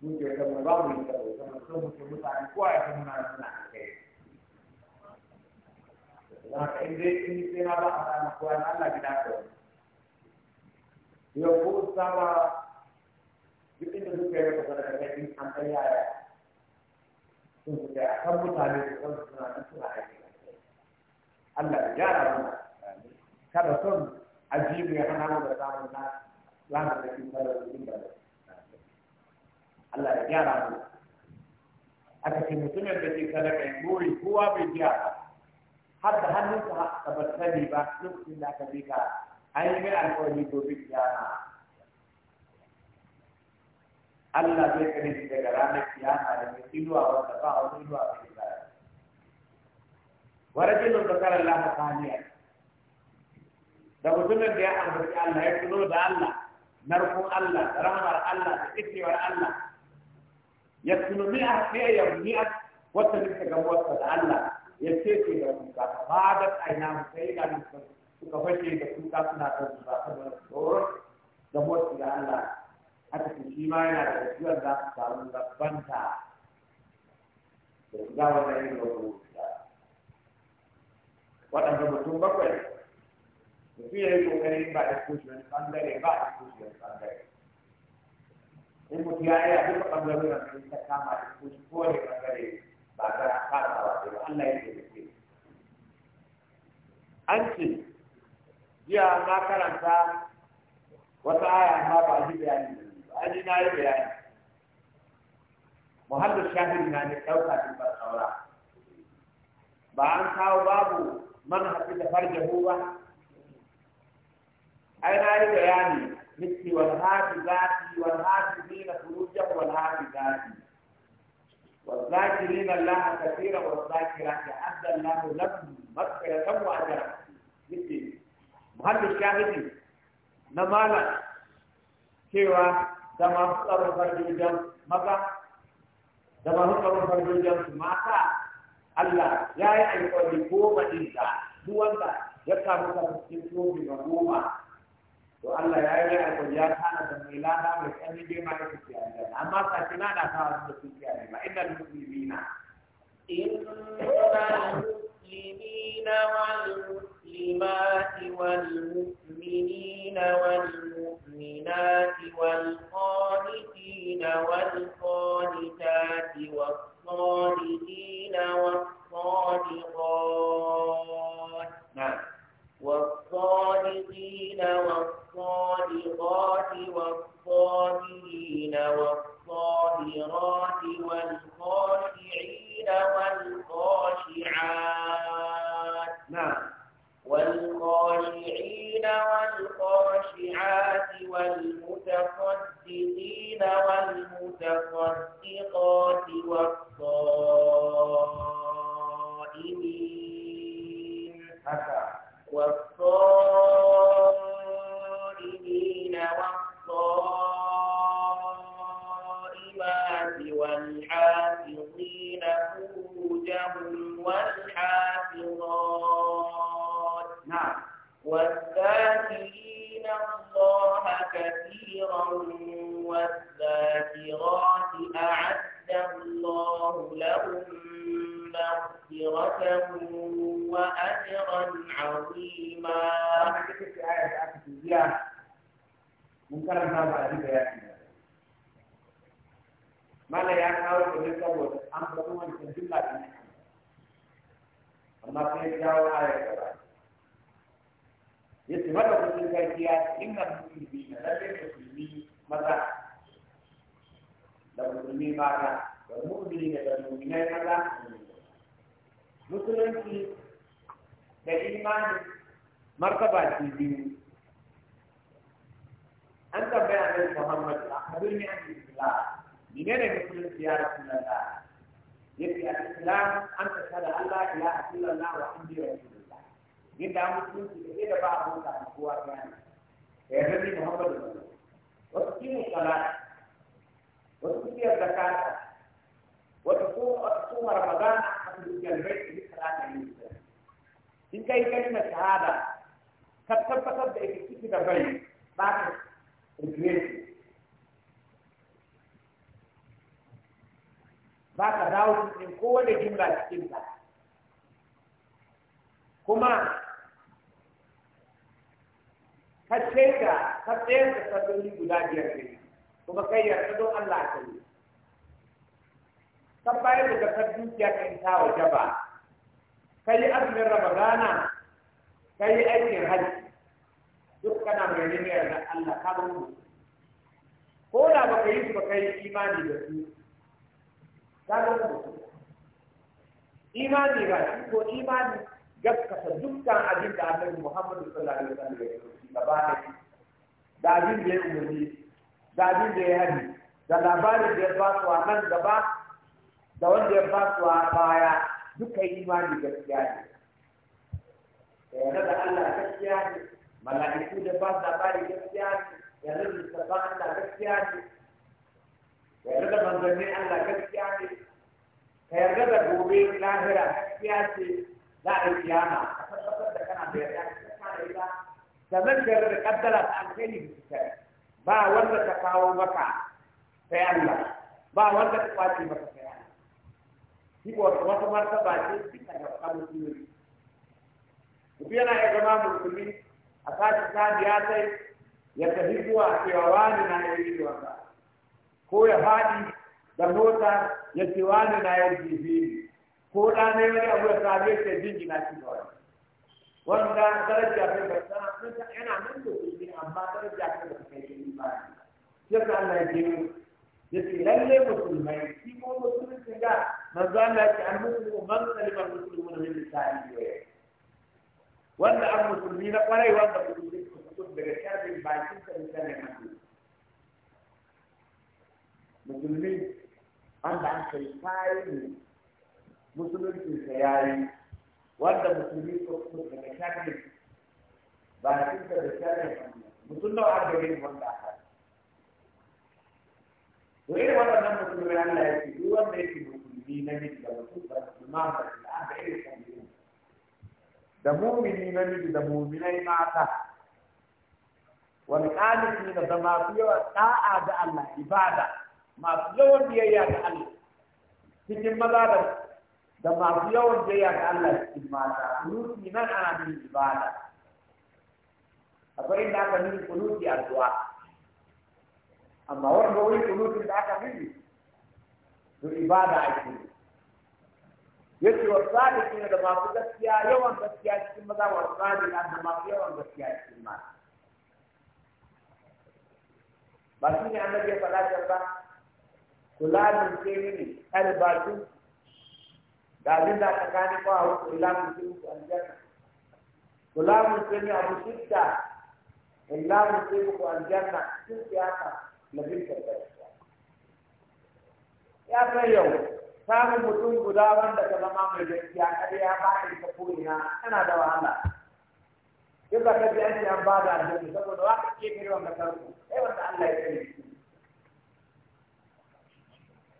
mun je da mu ba mu da so mutane ko ai kuma na na kai da ka inda in sai na ba a na ko na Allah gida ka yau, ko saba duk inda duk kai ka fara da kai an kai yaya sun ku da kan mutane da kan suna da suna kai, Allah ya gyara mu kada son ajibu ya hana mu da samun na lana da kin da kin Allah ya gyara mu aka ce mutumin da ke kada ya buri kowa bai gyara har da hannunsa ka bar sani ba lokacin da aka bi ka an yi mai alkawari gobe kiyama Allah zai kare shi daga ranar kiyama da mai inuwa wanda ba wani inuwa ba ke bayar. Warajin da zakar Allah ta haniya. Da mutumin da ya ambaci Allah ya tuno da Allah, narkon Allah, da rahmar Allah, da ikewar Allah, يكون مئة خير مئة وتنك جوات الله da لهم بعد أيام سيدا نفسه كفشي بسوكا سنة تنزل الدور جوات الله haka su shi ma yana da tafiyar za su samu rabbanta da su ga wannan yin rabu waɗanda mutum bakwai mutum ya yi ƙoƙarin ba da kushe wani ɓangare ba a kushe wani ɓangare in mutum ya iya duka ɓangarorin da ta kama da su kowane ɓangare ba ta Allah ya taimake an ce jiya na karanta wata aya ba a ji bayani ba a ji na yi bayani muhallin shahid na ne ɗauka ba an kawo babu man haɗu da ba ai na yi bayani nake wal والحافظين فروجهم والحافظات والذاكرين الله كثيرا والذاكرات أعد الله لهم مغفرة وأجرا محل الشاهد نمالا cewa da masu tsaron farjojin maza da masu tsaron farjojin mata Allah ya yi alƙawari goma ɗin da duk wanda ya samu ta cikin tobi goma to Allah ya yi a ya kana da mai lada mai tsanin girma da kuke aljanna amma sashi na da kawo da kuke aljanna inda musulmina inna المسلمين والمسلمات والمؤمنين kamar wasu kimu kana wasu kiyar da kata wasu kuma da duk halata ne kuma ka ce da ka tsayar da salloli guda biyar ne kuma kai ya don Allah ta yi ka bayar da zakar dukiya ka in ta waje ba ka yi azumin ramadana ka yi aikin hajji duk kana mai riniyar na Allah ka ba mu ko da ba ka yi su ba ka yi imani da su ka ba mu imani ba shi ko imani gaskata dukkan abin da annabi Muhammadu sallallahu alaihi wasallam ya yi gaba da da abin da ya umarni da abin da ya hani da labarin da ya ba su a nan gaba da wanda ya ba su a baya duka imani gaskiya ne yana da Allah gaskiya ne mala'iku da ba su labarin gaskiya ne yana da littafin Allah gaskiya ne yana da manzannin Allah gaskiya ne ka yarda da gobe lahira gaskiya ce za a yi kiyama a tabbatar da kana da yarda kana da ita da zakkar da kaddara ta alkhairi ba wanda ta kawo maka sai Allah ba wanda ta kwace maka sai Allah shi ko wata martaba ce duka da kamun sunuri Mutum yana ya zama musulmi a sashi sabiya sai ya tafi zuwa cewa wani na yi yi wanda ko ya faɗi da mota ya ce wani na yi ko da ne wani abu da sabe ke jingina shi kawai wanda daraja bai bai sana nan yana nan da shi amma daraja bai da kai shi ba yasa Allah ya ji yace lalle musulmai shi ko musulmin ga manzo Allah ya ce al muslimu man salima al muslimuna min lisanihi wanda an musulmi na kwarai wanda musulmi su daga sharrin bakin sa da ne hannu musulmi da an kai kayan musulunci ka yayi wanda musulmi ko kuma da kafin ba a cikin da kafin mutum da wanda ne wanda aka to irin wannan musulmi Allah ya ce duk wanda yake musulmi na miji da mutum ba musulma ba da aka irin kan da mumini na miji da muminai mata والقانتين ده ما في طاعة الله عبادة ما في يوم بيا الله cikin maza da da masu yawan jayya ga Allah cikin mata kunuti nan ana min ibada akwai inda aka min a addu'a amma wanda wani kunutin da aka min to ibada ake yace wa sadiqina da masu gaskiya yawan gaskiya cikin maza wa sadiqina da masu yawan gaskiya cikin mata ba shi ne annabi ya faɗa ba kula da ke ne albatun da abin da aka gane ko a wasu ilamun sun musu aljanna gulamun sun yi abu shidda ilamun sun musu aljanna sun siyasa labin karbar ya kai yau samun mutum guda wanda ka zama mai gaskiya kada ya ba ni ta ko'ina tana da wahala duk da kaji an ce an ba da aljanna saboda wa ka ke kare wanda karku sai wanda Allah ya kai.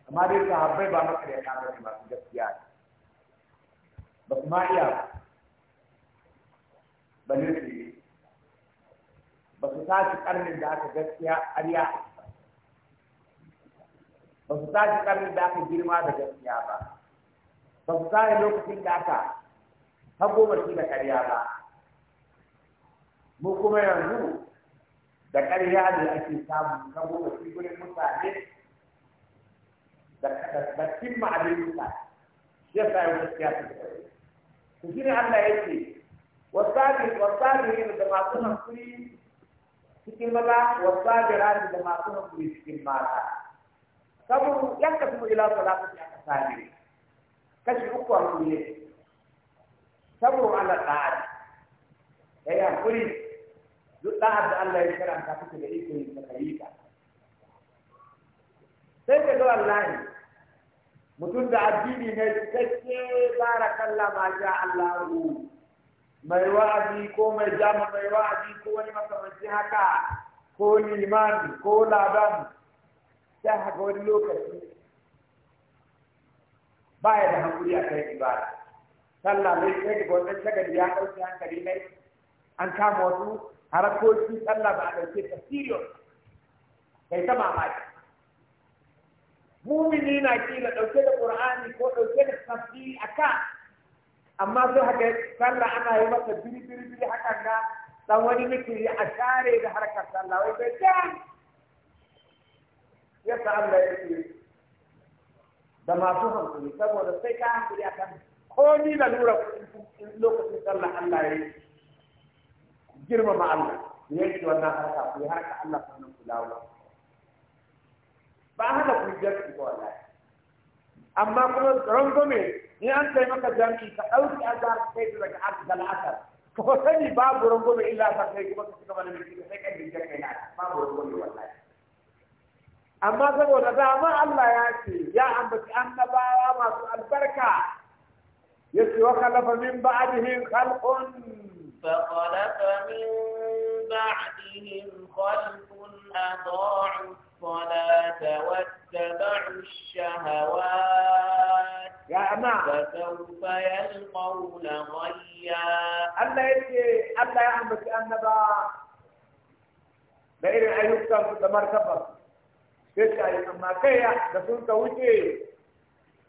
amma dai sahabbai ba maka da ya kama ne masu gaskiya ne ba su ma iya ba ne ba su tashi karnin da aka gaskiya ariya ba su tashi karnin da aka girma da gaskiya ba ba su tashi lokacin da aka hagomarci da karya ba mu kuma yanzu da karya da ake samu hagomarci gurin mutane da cimma abin mutane shi ya yasa yau gaskiya su da shi ne Allah ya ce wasabi wasabi da masu hankuri cikin maza wasabi rani da masu hankuri cikin mata sabu yan kasu ila salatu ya kasani kashi uku hankuri ne sabu ala ta'ala yayi hankuri duk ɗa'ar da Allah ya shara karanta kuka da ikon ka kai ta sai ka ga wallahi mutum da addini ne cikakke kalla ma Allah Allahu mai wa'azi ko mai jama mai wa'azi ko wani makamanci haka ko liman ko ladan sai haka wani lokaci baya da hankuri a kai ibada sallah mai kai da wannan shagari ya ɗauki hankali ne an kama wasu harakoki sallah ba a ɗauke ta serious kai ta mamaki mumini na kila ɗauke da ƙur'ani ko ɗauke da tafsiri a ka amma sai haka sallah ana yi masa biri biri biri hakan ga dan wani mikiri a share da harkar sallah wai bai jan yasa Allah ya ce da masu hankali saboda sai ka hankali akan komi da lura lokacin sallah Allah ya yi girmama Allah ya yi wannan harka ku yi harka Allah sannan ku dawo ba hana ku biyar ba wallahi amma kuma rangome ni an kai maka jami'i ka ɗauki azhar kai ta daga azhar asar ka sani babu rangome illa ka kai kuma ka cika mana mai ka sai kan biyar kai na babu rangome wallahi amma saboda ma Allah ya ce ya ambaci annabawa masu albarka ya ce wa khalafa min ba'dihim khalqun فخلف من بعدهم خلف أضاعوا الصلاة واتبعوا الشهوات يا أما فسوف يلقون غيا أما يجي أما يا أما أنا با بإير أيوب كان في دمار كبر كيف يا أما كيا رسول توجي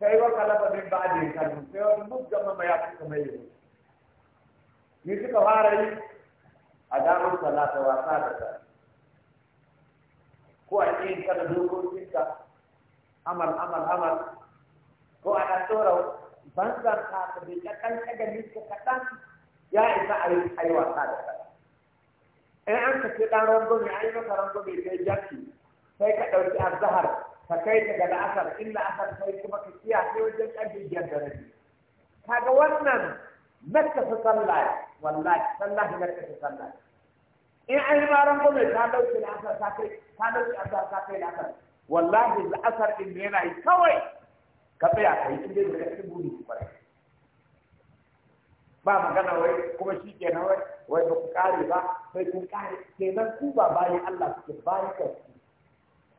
سيوا كلا بدين بعدين كان سيوا نبض جمع ما يأكل كم يجي نيجي كهاري أدام الصلاة واتبعوا الشهوات ko a cikin ka da dokokinka amal amal amal ko a ɗan banzan ka ka bi ka ɗan ɗaga kaɗan ya isa a yi wasa da ka in an ka ce ɗan rango an yi maka rango ne sai jaki sai ka ɗauki azahar ka kai ta ga la'asar in la'asar sai kuma ka sai wajen ƙarfi biyar da rabi kaga wannan nakka sallah wallahi sallahi nakka sallah in an yi maran gwamnati ta dauke la'asar ta kai ta dauke asar ta kai la'asar wallahi la'asar din yana yi kawai ka tsaya kai in dai daga cikin buri ku bare ba magana wai kuma shi kenan wai wai ba ku kare ba sai kun kare kenan ku ba bayan Allah ku bayan kanku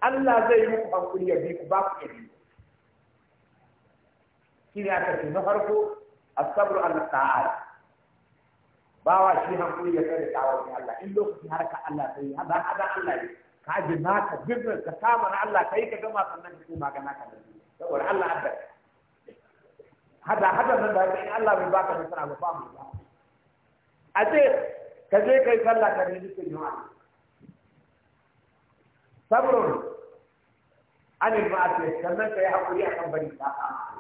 Allah zai yi muku hankuri ya bi ku ba ku yabi shi ne aka ce na farko asabru al-ta'ala bawa shi hankali ya kai da dawo ga Allah in lokaci har ka Allah sai hada hada Allah ne ka ji naka birnin ka kama na Allah kai ka gama sannan ka koma ga naka ne saboda Allah adda hada hada nan da in Allah bai baka nasara ba ba mu ba a ce ka je kai sallah ka rinji ka yi wani sabrun anil ma'asir sannan ka yi hakuri akan bari sa'a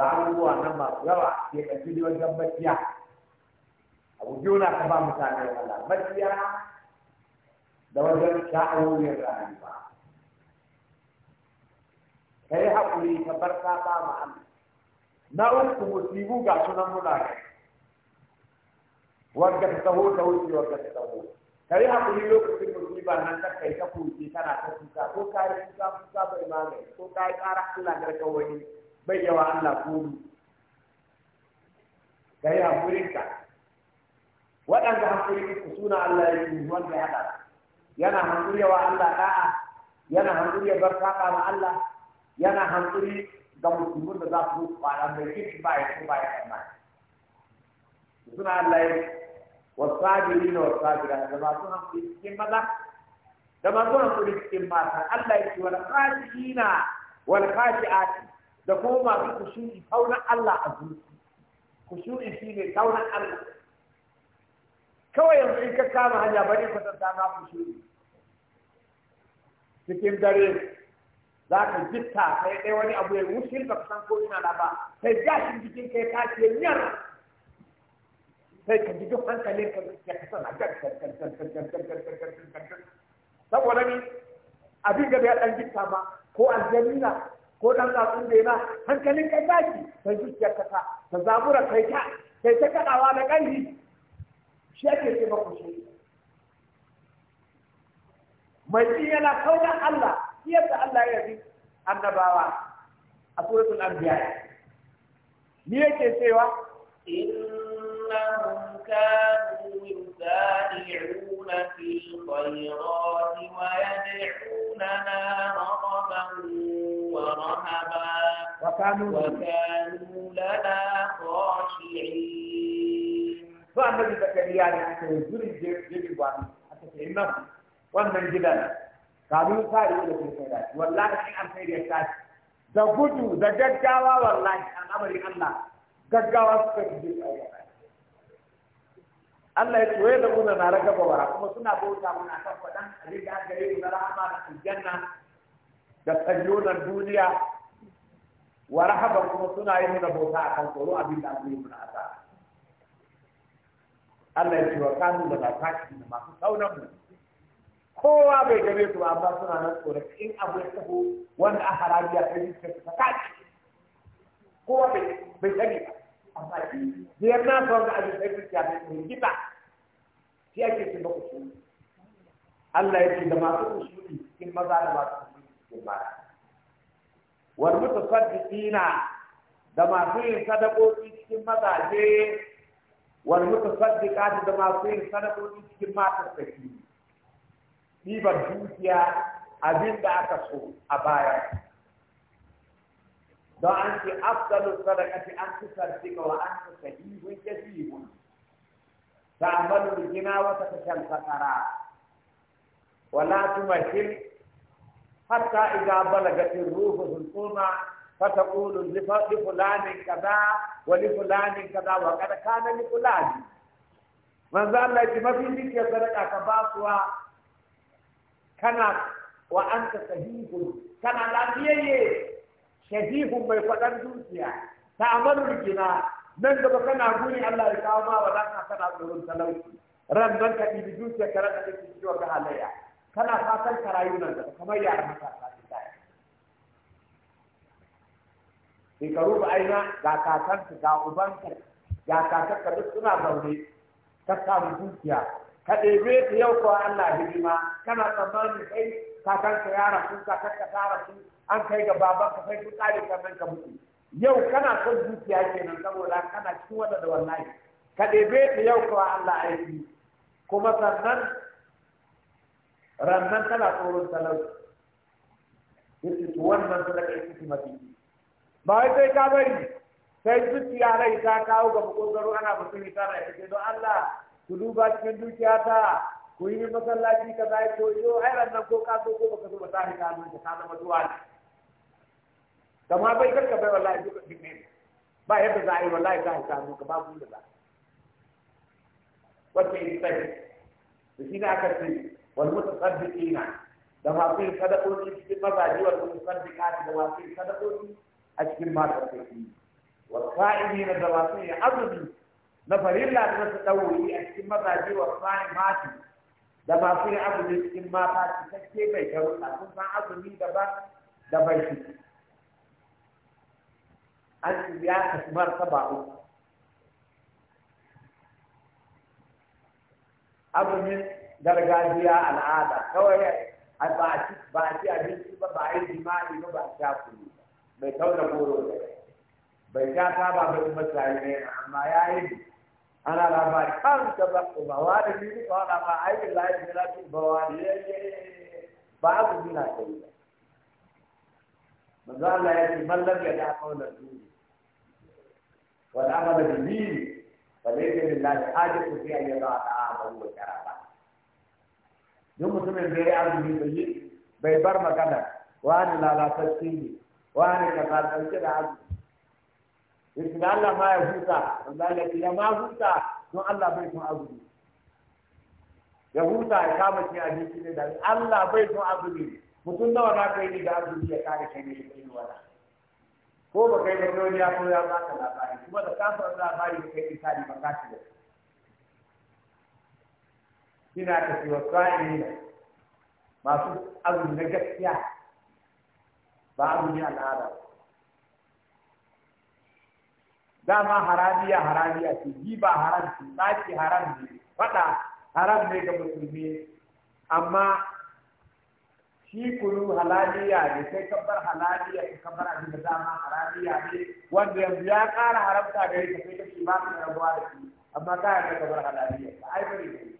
da abubuwa nan masu yawa ke ɗauki da wajen makiya abu biyu na ka ba mutane wala makiya da wajen sha'awoyin rayuwa ka yi haƙuri ka bar ta ba ma Allah na uku musibu ga sunan muna kai wanda ta taho ta wuce wanda ta taho ka yi haƙuri lokacin musiba nan ta kai ta kuce tana ta kuka ko ka yi kuka kuka bai magani ko ka yi ƙara Allah garkar wani bai yawa Allah kuru ga yi hankulinka waɗanda hankulin ku suna Allah ya yi wanda ya haɗa yana hankuri yawa Allah ɗa'a, yana hankuri ya bar saka ma Allah yana hankuri ga musulmin da za su fara mai kirki ba ya kuma, ya kama suna Allah ya wasabiri na wasabira da masu hankuri cikin maza da masu hankuri cikin mata Allah ya ce na wani kashi khashiati da kuma masu kushuri kaunar Allah a zuci kushuri shi ne taunan Allah kawai yanzu in ka kama hanya bari kwatanta ma kushuri cikin dare za ka jitta sai dai wani abu ya wuce ba ka san ko ina da ba sai gashin jikin kai ka ce yar sai ka ji duk hankalin ka ya kasa na saboda ni ya ma ko aljanna ko dan tsatsun da yana hankalin kai baki kai zuciyar kasa ta zabura kai ta kai ta kadawa da kanji shi ake ce ba ku shi mai yana kauna Allah shi yadda Allah ya yi annabawa a suratul anbiya ni yake cewa إنهم كانوا يسارعون في الخيرات ويدعوننا رغبا ورهبا وكانوا, وكانوا لنا خاشعين فأما زكريا أنت يزور الجبل وأنا أنت تعلم وأما الجبل قالوا قالوا له في الخيرات والله في الخير يا أستاذ زبوتو زجاجاوا والله عن أمر الله زجاجاوا سكتي الله يقول لنا نرجع بورا كما سنا بورا من أكبر دم رجع جريء ولا أمر الجنة da kallonan duniya wa rahaban kuma suna yi mana bauta a kan tsoro abin da ake yi a asa Allah ya ce wa kanu da zakaki da masu saunan mu kowa bai gabe su ba amma suna nan tsoro in abu ya taho wanda a harabi ya kai shi ta kaki kowa bai bai sani ba amma shi biyar na sa wanda abin sai ya bai mai gida shi ake cin ba ku Allah ya ce da masu kusuri cikin maza da masu bara wal mutasaddiqina da masu yin sadakoki cikin mazaje wal kaji da masu yin sadakoki cikin matar saki ɗiban dukiya abin da aka so a baya don an ce afdalu sadaqati an tusaddika wa an anta sahihun kasihun ta'malu gina wata kashal fatara wala tumahil حتى إذا بلغت الروح الحلقومة فتقول لفلان كذا ولفلان كذا وقد كان لفلان من ذا الله يتمثل لك يا صدقة كباسوا كان وأنت صحيح كان لا تيجي شهيه ما يفقد دوسيا تعمل الجنا من ذا كان أقولي الله يكاوما ولا كان أقول سلام رمضان كان يدوسيا كرنا تجيوا كهاليا kana fatan ka rayu nan gaba kamar yaran matasa ta da shekaru ba aina ga kakanka ga ubanka ga kakanka duk suna zaune ka samu dukiya ka ɗebe ta yau kuwa Allah hidima kana tsammanin kai yara ya rasu ka ta rasu an kai ga babanka kai ku tsare sannan ka mutu yau kana son dukiya kenan saboda kana cikin da wallahi ka ɗebe ta yau kuwa Allah aiki kuma sannan rannan tana tsoron talauci yace to wannan sadaka ita ce mafi ba wai sai ka bari sai dukiya rai ta kawo ga makogaro ana ba mutum ta na ita don Allah ku duba cikin dukiya ta ku yi masallaci ka zai ko yo ai rannan ko ka so ko baka so ba ta hita mun ta zama zuwa ne kamar bai karka bai wallahi duka dinne ba yadda za a yi wallahi a hita mun ka ba babu da za wacce ita ce shi ne aka ce wal mutasaddiqina da masu yin sadakoki cikin mazaje wal mutasaddiqati da masu yin sadakoki a cikin matan sarki wal da masu yin azumi na farilla da su a cikin mazaje wal qa'imati da masu yin azumi cikin mata cikakke mai karuta a san azumi daban da bai shi an ya kasu martaba uku azumin gargajiya al'ada kawai ba a ci ba a ci abinci ba ba a yi jima'i ba ba a sha kunu bai tauna goro da bai sha saba bai kuma tsayi ne amma ya yi ana labari kan ta ba ko ba wa da ni ko ana ba ai da lai da lai ba wa ne ba ku na kai manzo Allah ya ce man lam yada qawla zuri wal amala bil bi fa laysa lillahi hajatu fi an yada ta'ama wa sharaba duk mutumin da ya azumi da yi bai bar magana wani lalatacce ne wani kaza ɗauke da azumi yake da Allah ma ya huta Allah ya ya ma huta don Allah bai tun azumi ya huta ya kama shi abinci ne da Allah bai tun azumi mutum nawa na kai ne da azumi ya kare kai ne da kai wala ko ba kai ba dole ya koya ka labari kuma da kafin labari da kai isali ba ka shi da kina tafi wa sa'ilina masu azumi na gaskiya ba abu azumi al'ada dama haramiya haramiya ce ba haram ce tsaki haram ne faɗa haram ne ga musulmi amma shi kunu halaliya ne sai kabar halaliya ka kabar abin da dama haramiya ne wanda yanzu ya kara haramta da ita, sai ka shi ba ka rabuwa da shi amma ka yarda kabar halaliya ka ai bari ne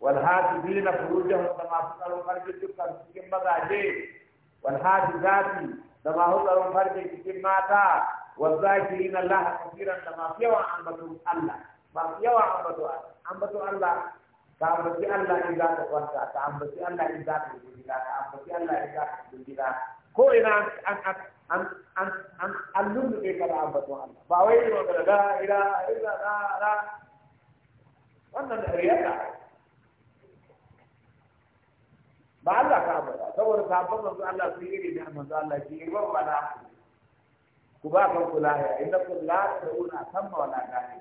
والحافظين فروجهم كما فكروا فرج دكان cikin mazaje والحافظات كما فكروا فرج cikin mata والذاكرين الله كثيرا كما فيوا عمتو الله ما فيوا عمتو عمتو الله كعمتي الله إذا تقوانتا كعمتي الله إذا تقوانتا كعمتي الله إذا تقوانتا ko ina an an an an an an ka da Allah ba wai yau da da ila ila da da wannan riyata ba Allah ka ba saboda sabon manzo Allah sun yi ne da manzo Allah ke yi ban bana ku ba kan kula ya inda kun la tauna samma wala gani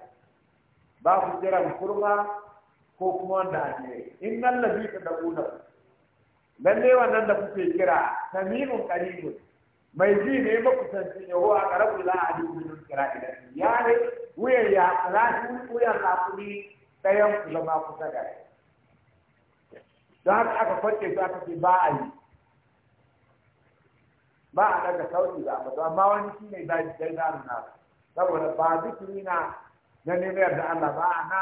ba ku jiran kurma ko kuma wanda ake innal ladhi tad'una lalle wannan da kuke kira samimun qaribun mai ji ne makusanci ne wa karabu la adu min kira idan ya ne wuya ya tsara ku ya na kuli dayan ku zama kusa da don haka aka kwace su aka ce ba a yi ba a daga sauti da abu amma wani shi ne za shi dai zamu na saboda ba zikiri na na nemiyar da Allah ba na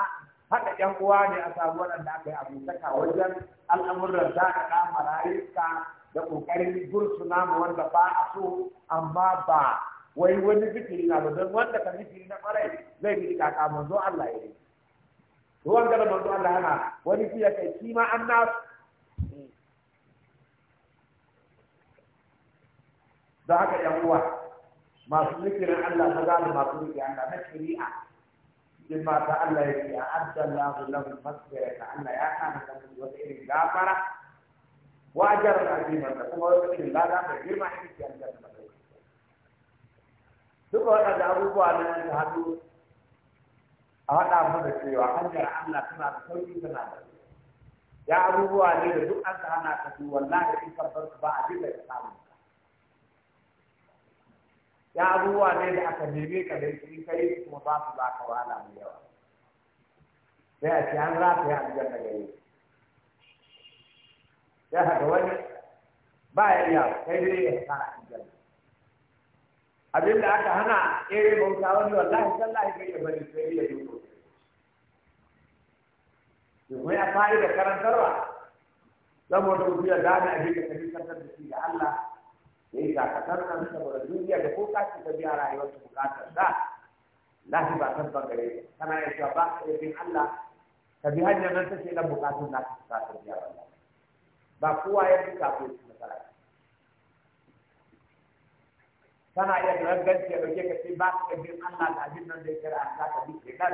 haɗa ƴan uwa ne a samu waɗanda aka yi abokaka wajen al'amuran za a ɗa marayuka da ƙoƙarin gursuna ma wanda ba a so amma ba wai wani zikiri na ba don wanda ka zikiri na ƙwarai zai bi kaka manzo Allah ya yi. Ruwan gana manzo Allah yana wani fiye kai shi ma an nasu don haka ‘yan uwa masu zikirin Allah maza da masu zikirin Allah na shari'a in mata Allah ya ce a addallahu lahum masjidata Allah ya kana da wata irin gafara wa ajaran azima da kuma wata irin lada da girma a cikin aljanna duka waɗanda abubuwa na da haɗu a haɗa mu da cewa hanyar Allah tana da sauƙi tana da ya abubuwa ne da duk an ka hana ka su wallahi in ka bar ba a dinga samu ya abubuwa ne da aka neme ka da shi kai yi kuma ba su ba ka wala mai yawa sai a ce an rafa ya aljanna gare ya haka wani ba ya yi yawa kai dai ya fara aljanna abin da aka hana ƙere bauta wani wallahi sallahi bai iya bari sai ya yi ko ya a fa'ida karantarwa saboda mutum ya gane abin da ka bi da shi ga Allah sai ga kasar nan saboda duniya da ko kaci ta biya rayuwar ta bukatar da lahi ba san bangare kana yin cewa ba ka bin Allah ka bi hanyar nan ta da dan bukatun na ta ta biya wallahi ba kowa ya fi kafin su masara kana ya ranganci da ke kace ba ka bin Allah da abin nan da ya kira an ka bi ke nan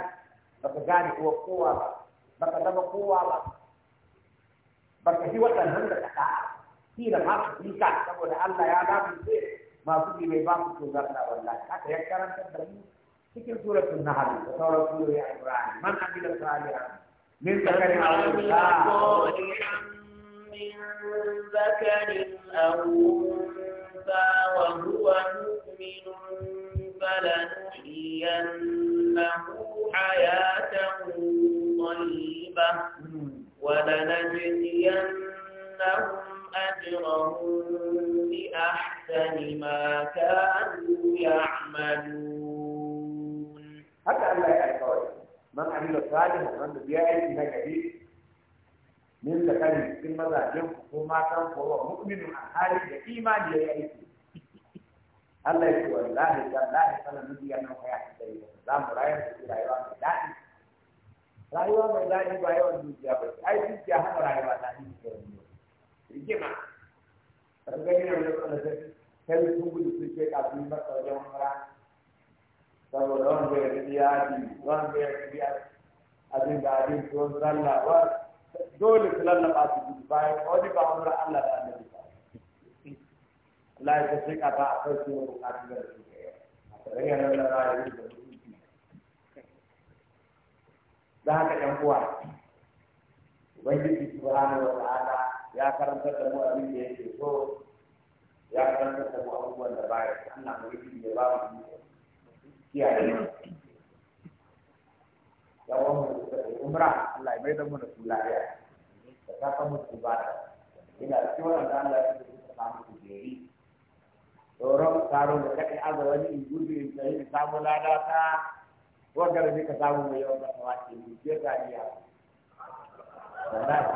ba ka gane kowa ba ba ka zama kowa ba ba ka ji waɗannan da ka kila ma su bi ka saboda Allah ya lafi masu bi mai ba su tozarta wallahi haka ya karanta da mu cikin suratul nahl da sauran surori a Ibrahim man amila salihan min zakarin aw min zakarin aw unsa wa huwa mu'minun فلنحيينه حياة طيبة ولنجزينهم أجرهم بأحسن ما كانوا يعملون هكذا الله يعطيه من عمل صالحا من بيعي ما جديد min da kare cikin mazajen ku ko matan ku wa mu'minin alhali da imani ya yi aiki Allah ya ce wallahi wallahi sanan nabi ya nan haya da yi za mu rayar da rayuwa mai daɗi rayuwa mai daɗi ba yawan dukiya ba ai hana rayuwa daɗi ne rigima rangani na wani kwanata kai sun gudu su ke kafin masa wajen mara saboda wanda ya fi yadi wanda ya fi abin da abin tuwon sallawa dole su lallaba su gudu bayan wani ba wani Allah da annabi ba Allah ya ta shika ta a kai su wani bukatu da su ke yi a tsarayyar da rayu da mutunci da haka ɗan uwa ubangiji subhanahu wa ta'ala ya karantar da mu abin da yake so ya karantar da mu abubuwan da baya Allah mu yi da ba mu kiyaye ya wannan umra Allah ya bayyana mu da sulaya da ka ta mu ibada ina cikin wannan Allah ya samu ku jeri tsoron karo da kaɗe aza wani in gudu in tsaye in samu lada ko wakar da ka samu mai yawan kasa wace in ce ka iya wallahi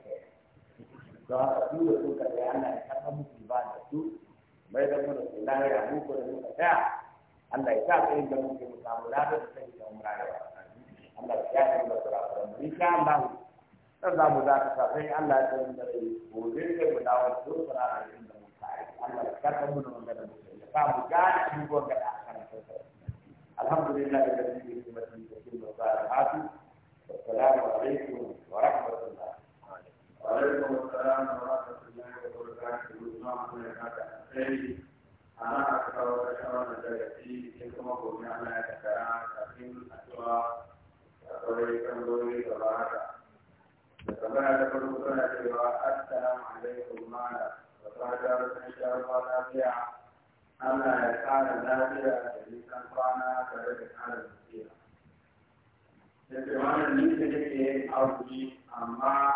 don haka su da sun karɓi Allah ya karɓa musu ibada su mai da mu da su lahira mu ko da muka tsaya Allah ya sa tsayin da muke mu samu lada da sai da umra ya Allah ya yi da kurakuran mu insha Allah dan za mu za ka sa sai Allah ya tsayin da rai gobe sai mu dawo da su fara da yin da mun kai Allah ya karɓa mu da wanda da muke ya sa mu gane abubuwan da aka karanta alhamdulillah da zai yi mutum da kin da salatu والسلام عليكم ورحمة الله وعليكم السلام ورحمة الله وبركاته نعم يا كاكا خيري أنا أكثر وأشعر أن جلسي كلكم أقول نعم يا كاكا أكيم أسوا أقوليكم دوري تبارك فما تقول سنة السلام عليكم معنا وصحبه إن شاء الله نافعا أما كان نافعا فليسا فانا فلك كان مثيرا. Yake wannan ne da yake arziki amma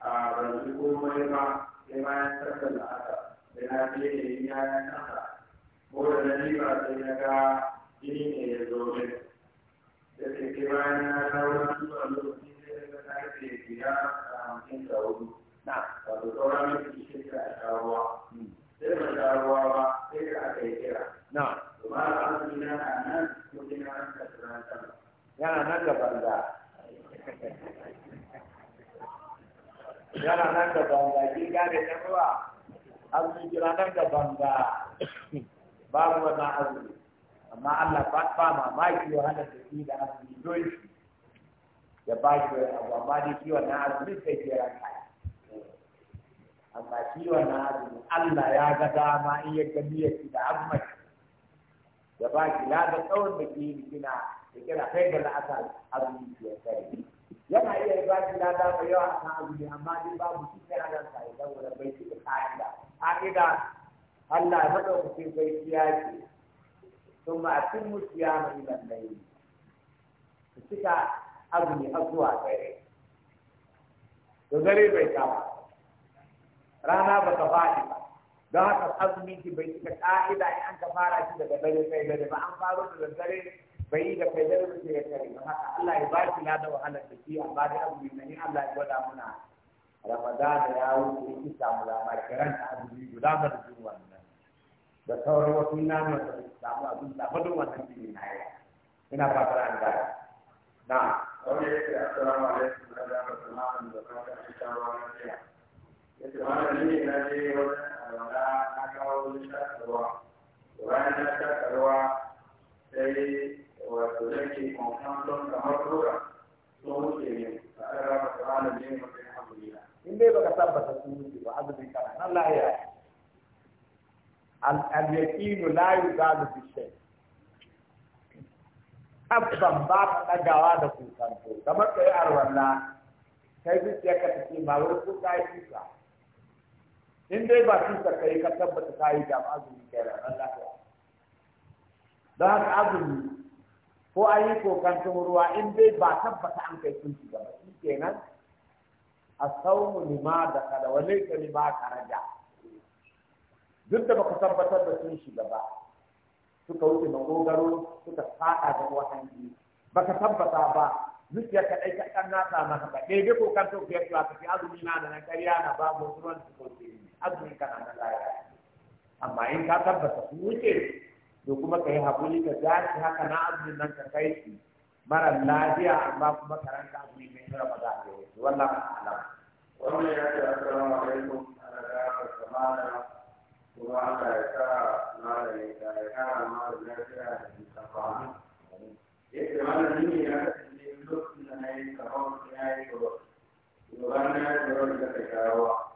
a ban komai ba sai bayan sassan da haka sai na fi ne in ya yi nasa ko da na riba sai na ga jini ne ya zo min da sai sai bayan na dawo na zuwa lokaci sai na ga karfe biyar da hamsin da hudu wato sauran minti shida a shawarwa sai ban shawarwa ba sai da aka yi kira Na ba a asibiti na nan ko kina an kasuwa sama yana nan gaban da yana nan da banga ki gane ta kuwa azumi nan da banga babu wannan azumi amma Allah ba mamaki ya hana da shi da azumi dole ya ba shi abu amma dai shi wannan azumi sai ke ranka amma shi wannan azumi Allah ya ga dama in ya gani ya ci da azumi ya ba shi la da tsawon da ke yi kina da kira kai la'asar azumi ya kai yana iya yi ba shi lada mai yawa a kan abu ne, amma dai babu shi sai ana sa idan wani bai ci da ka'ida ka'ida Allah ya madaukakin bai siya ce sun ma sun ya mai lallai su cika abu azumi har zuwa dare da dare bai kama rana ba ta faɗi ba don haka azumi ki bai cika ƙa'ida in an ka fara shi daga dare sai dare ba an faro daga dare bai da kai da ya kare ba haka Allah ya ba shi da wahalar da shi. amma da abu mai nani Allah ya gwada muna Ramadan da ya wuce ki samu lamar kiran ta azumi guda ba da jin wannan da sauran wasu namun da su samu abin da ba wannan shi ne na yi ina fatar an gaya na wanda yake assalamu alaikum da rahmatullahi da barakatuhu ta wannan ya ce wannan ne na je wajen alwala na kawo wurin shakarwa bayan na shakarwa sai wato yake kwamfanton kamar rura so wuce ne a ɗara ba ta hana ne mafi hamdulila in dai baka tabbata sun wuce ba azumin kana nan lahiya al-yaqinu la yuzalu bi shay tabban ba ta ɗagawa da kusanto kamar kai arwanna kai zuciya ka take ba wani ko ka yi kusa. in dai ba kusa ka yi ka tabbata ka yi da azumi kai ran lahiya don haka azumi ko an yi kokantun ruwa in dai ba tabbata an kai sun ci ba shi kenan a saumu lima da kada wa laika lima karaja duk da baka tabbatar da sun shiga ba suka wuce magogaro suka fada da ba baka tabbata ba Duk ya dai ka dan nata maka ba dai ko kan ya biyar ka fi azumi na da kariya na ba mu ruwan su ko azumi kana da lafiya amma in ka tabbata sun wuce to kuma ka yi haƙuri ka dace haka na azumin nan ka kai shi mara lafiya amma kuma ka ranka azumi mai tura ba za ka yi shi wallah ba alam. wannan ya ce assalamu alaikum ana da kamala kuma Allah ya sa malami ta ya kara malami lafiya da musafa. Yake malami ne ya kasance lokacin da na yi kamar ya yi ba na yi kamar da ta kawo.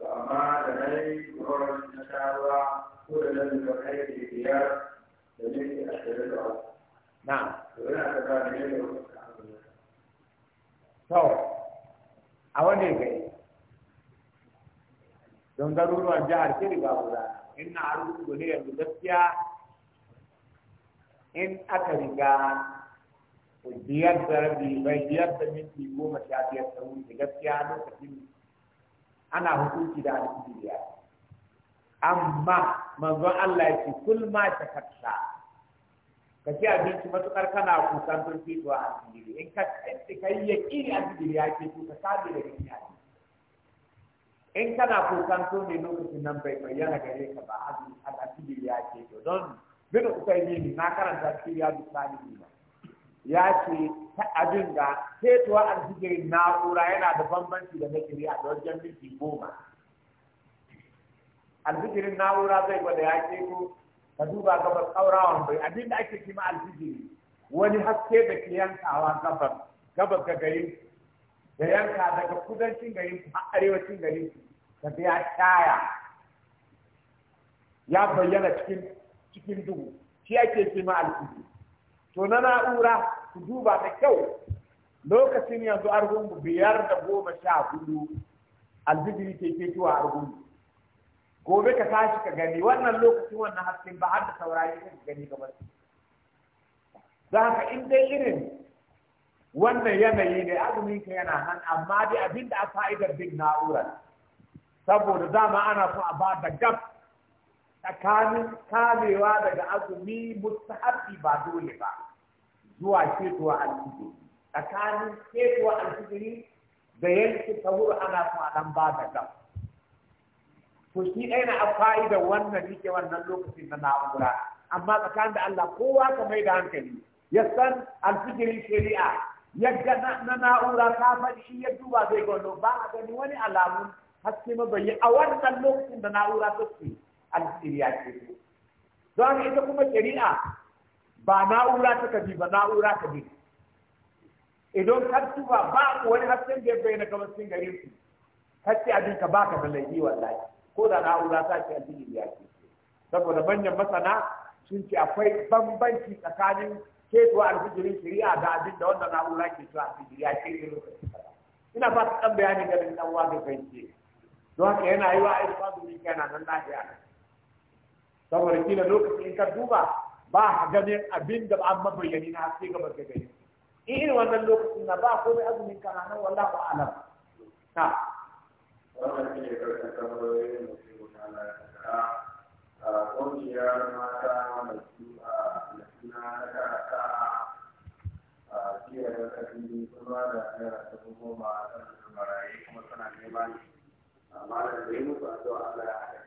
Amma da na yi kamar da ta kawo ولم يكن حيث زيارة لمثل أشهر الأرض نعم ولا تبع منه to a wanda gari don garuruwan jihar ke riga guda in na arziki ne yanzu gaskiya in aka riga biyar da rabi bai biyar da minti goma sha biyar ta wuce gaskiya lokacin ana hukunci da alkidi biyar amma manzon Allah ya kulma kul ma takatta ka ci abinci matukar kana kusan tun to a asibiri in ka kai iri a asibiri ya ke to ka sabe da kiri in kana kusan to ne lokacin nan bai bayyana gare ka ba a asibiri ya ke to don bin ne, na karanta shi ya sani ba ya ce ta abin da a alfijirin na'ura yana da bambanci da na shari'a da wajen minti goma alfijirin na'ura zai gwada ya keto ka duba gabar tsaurawan bai abinda ake kima alfijiri wani haske da ke yankawa gabar gabar ga gari da yanka daga kudancin garin su har arewacin garin su ka ya shaya ya bayyana cikin cikin dubu shi ake kima alfijiri to na na'ura ku duba da kyau lokacin yanzu argungu biyar da goma sha hudu alfijiri ke ketowa argungu gobe ka tashi ka gani wannan lokacin wannan hasken ba har da saurari ka gani gaba za ka in dai irin wannan yanayi ne azumin ka yana nan amma dai abin da a fa'idar bin na'urar saboda dama ana so a ba da gab tsakanin kamewa daga azumi Mustahabi, ba dole ba zuwa ketuwa alfijiri tsakanin ketuwa alfijiri da yanke sahur ana so a dan ba da gab to shi ɗaya na fa'idar wannan rike wannan lokacin na na'ura amma tsakanin da Allah kowa ka mai da hankali ya san alfijirin shari'a yadda na na'ura ta faɗi ya duba zai gano ba a gani wani alamun haske mabayi a wannan lokacin da na'ura ta ce ya ce don ita kuma shari'a ba na'ura ta kabi ba na'ura ta bi idan ka duba ba wani hasken da ya bayyana kamar sun garin ku kace abin ka baka da laifi wallahi ko da na'ura ta ce addini ya ce saboda manyan masana sun ce akwai bambanci tsakanin ketowa alfijirin shari'a da abin da wannan na'ura ke so alfijiri ya ce irin ina ba su ɗan bayani ganin ɗan wa da fahimce don haka yana yi wa aiki babu ni kai na nan lafiya saboda kila lokacin ka duba ba ganin abin da an mabayyani na haske gabar ka gani irin wannan lokacin na ba komai azumin kana nan wallahu a'lam wannan shi ne karshen tambayoyin da ke wuta na kasa a ƙungiyar mata wanda su a latina na karata a jiya da ƙarfi sun ba da naira dubu goma a marayu kuma suna neman amma da yi mutu a zuwa Allah ya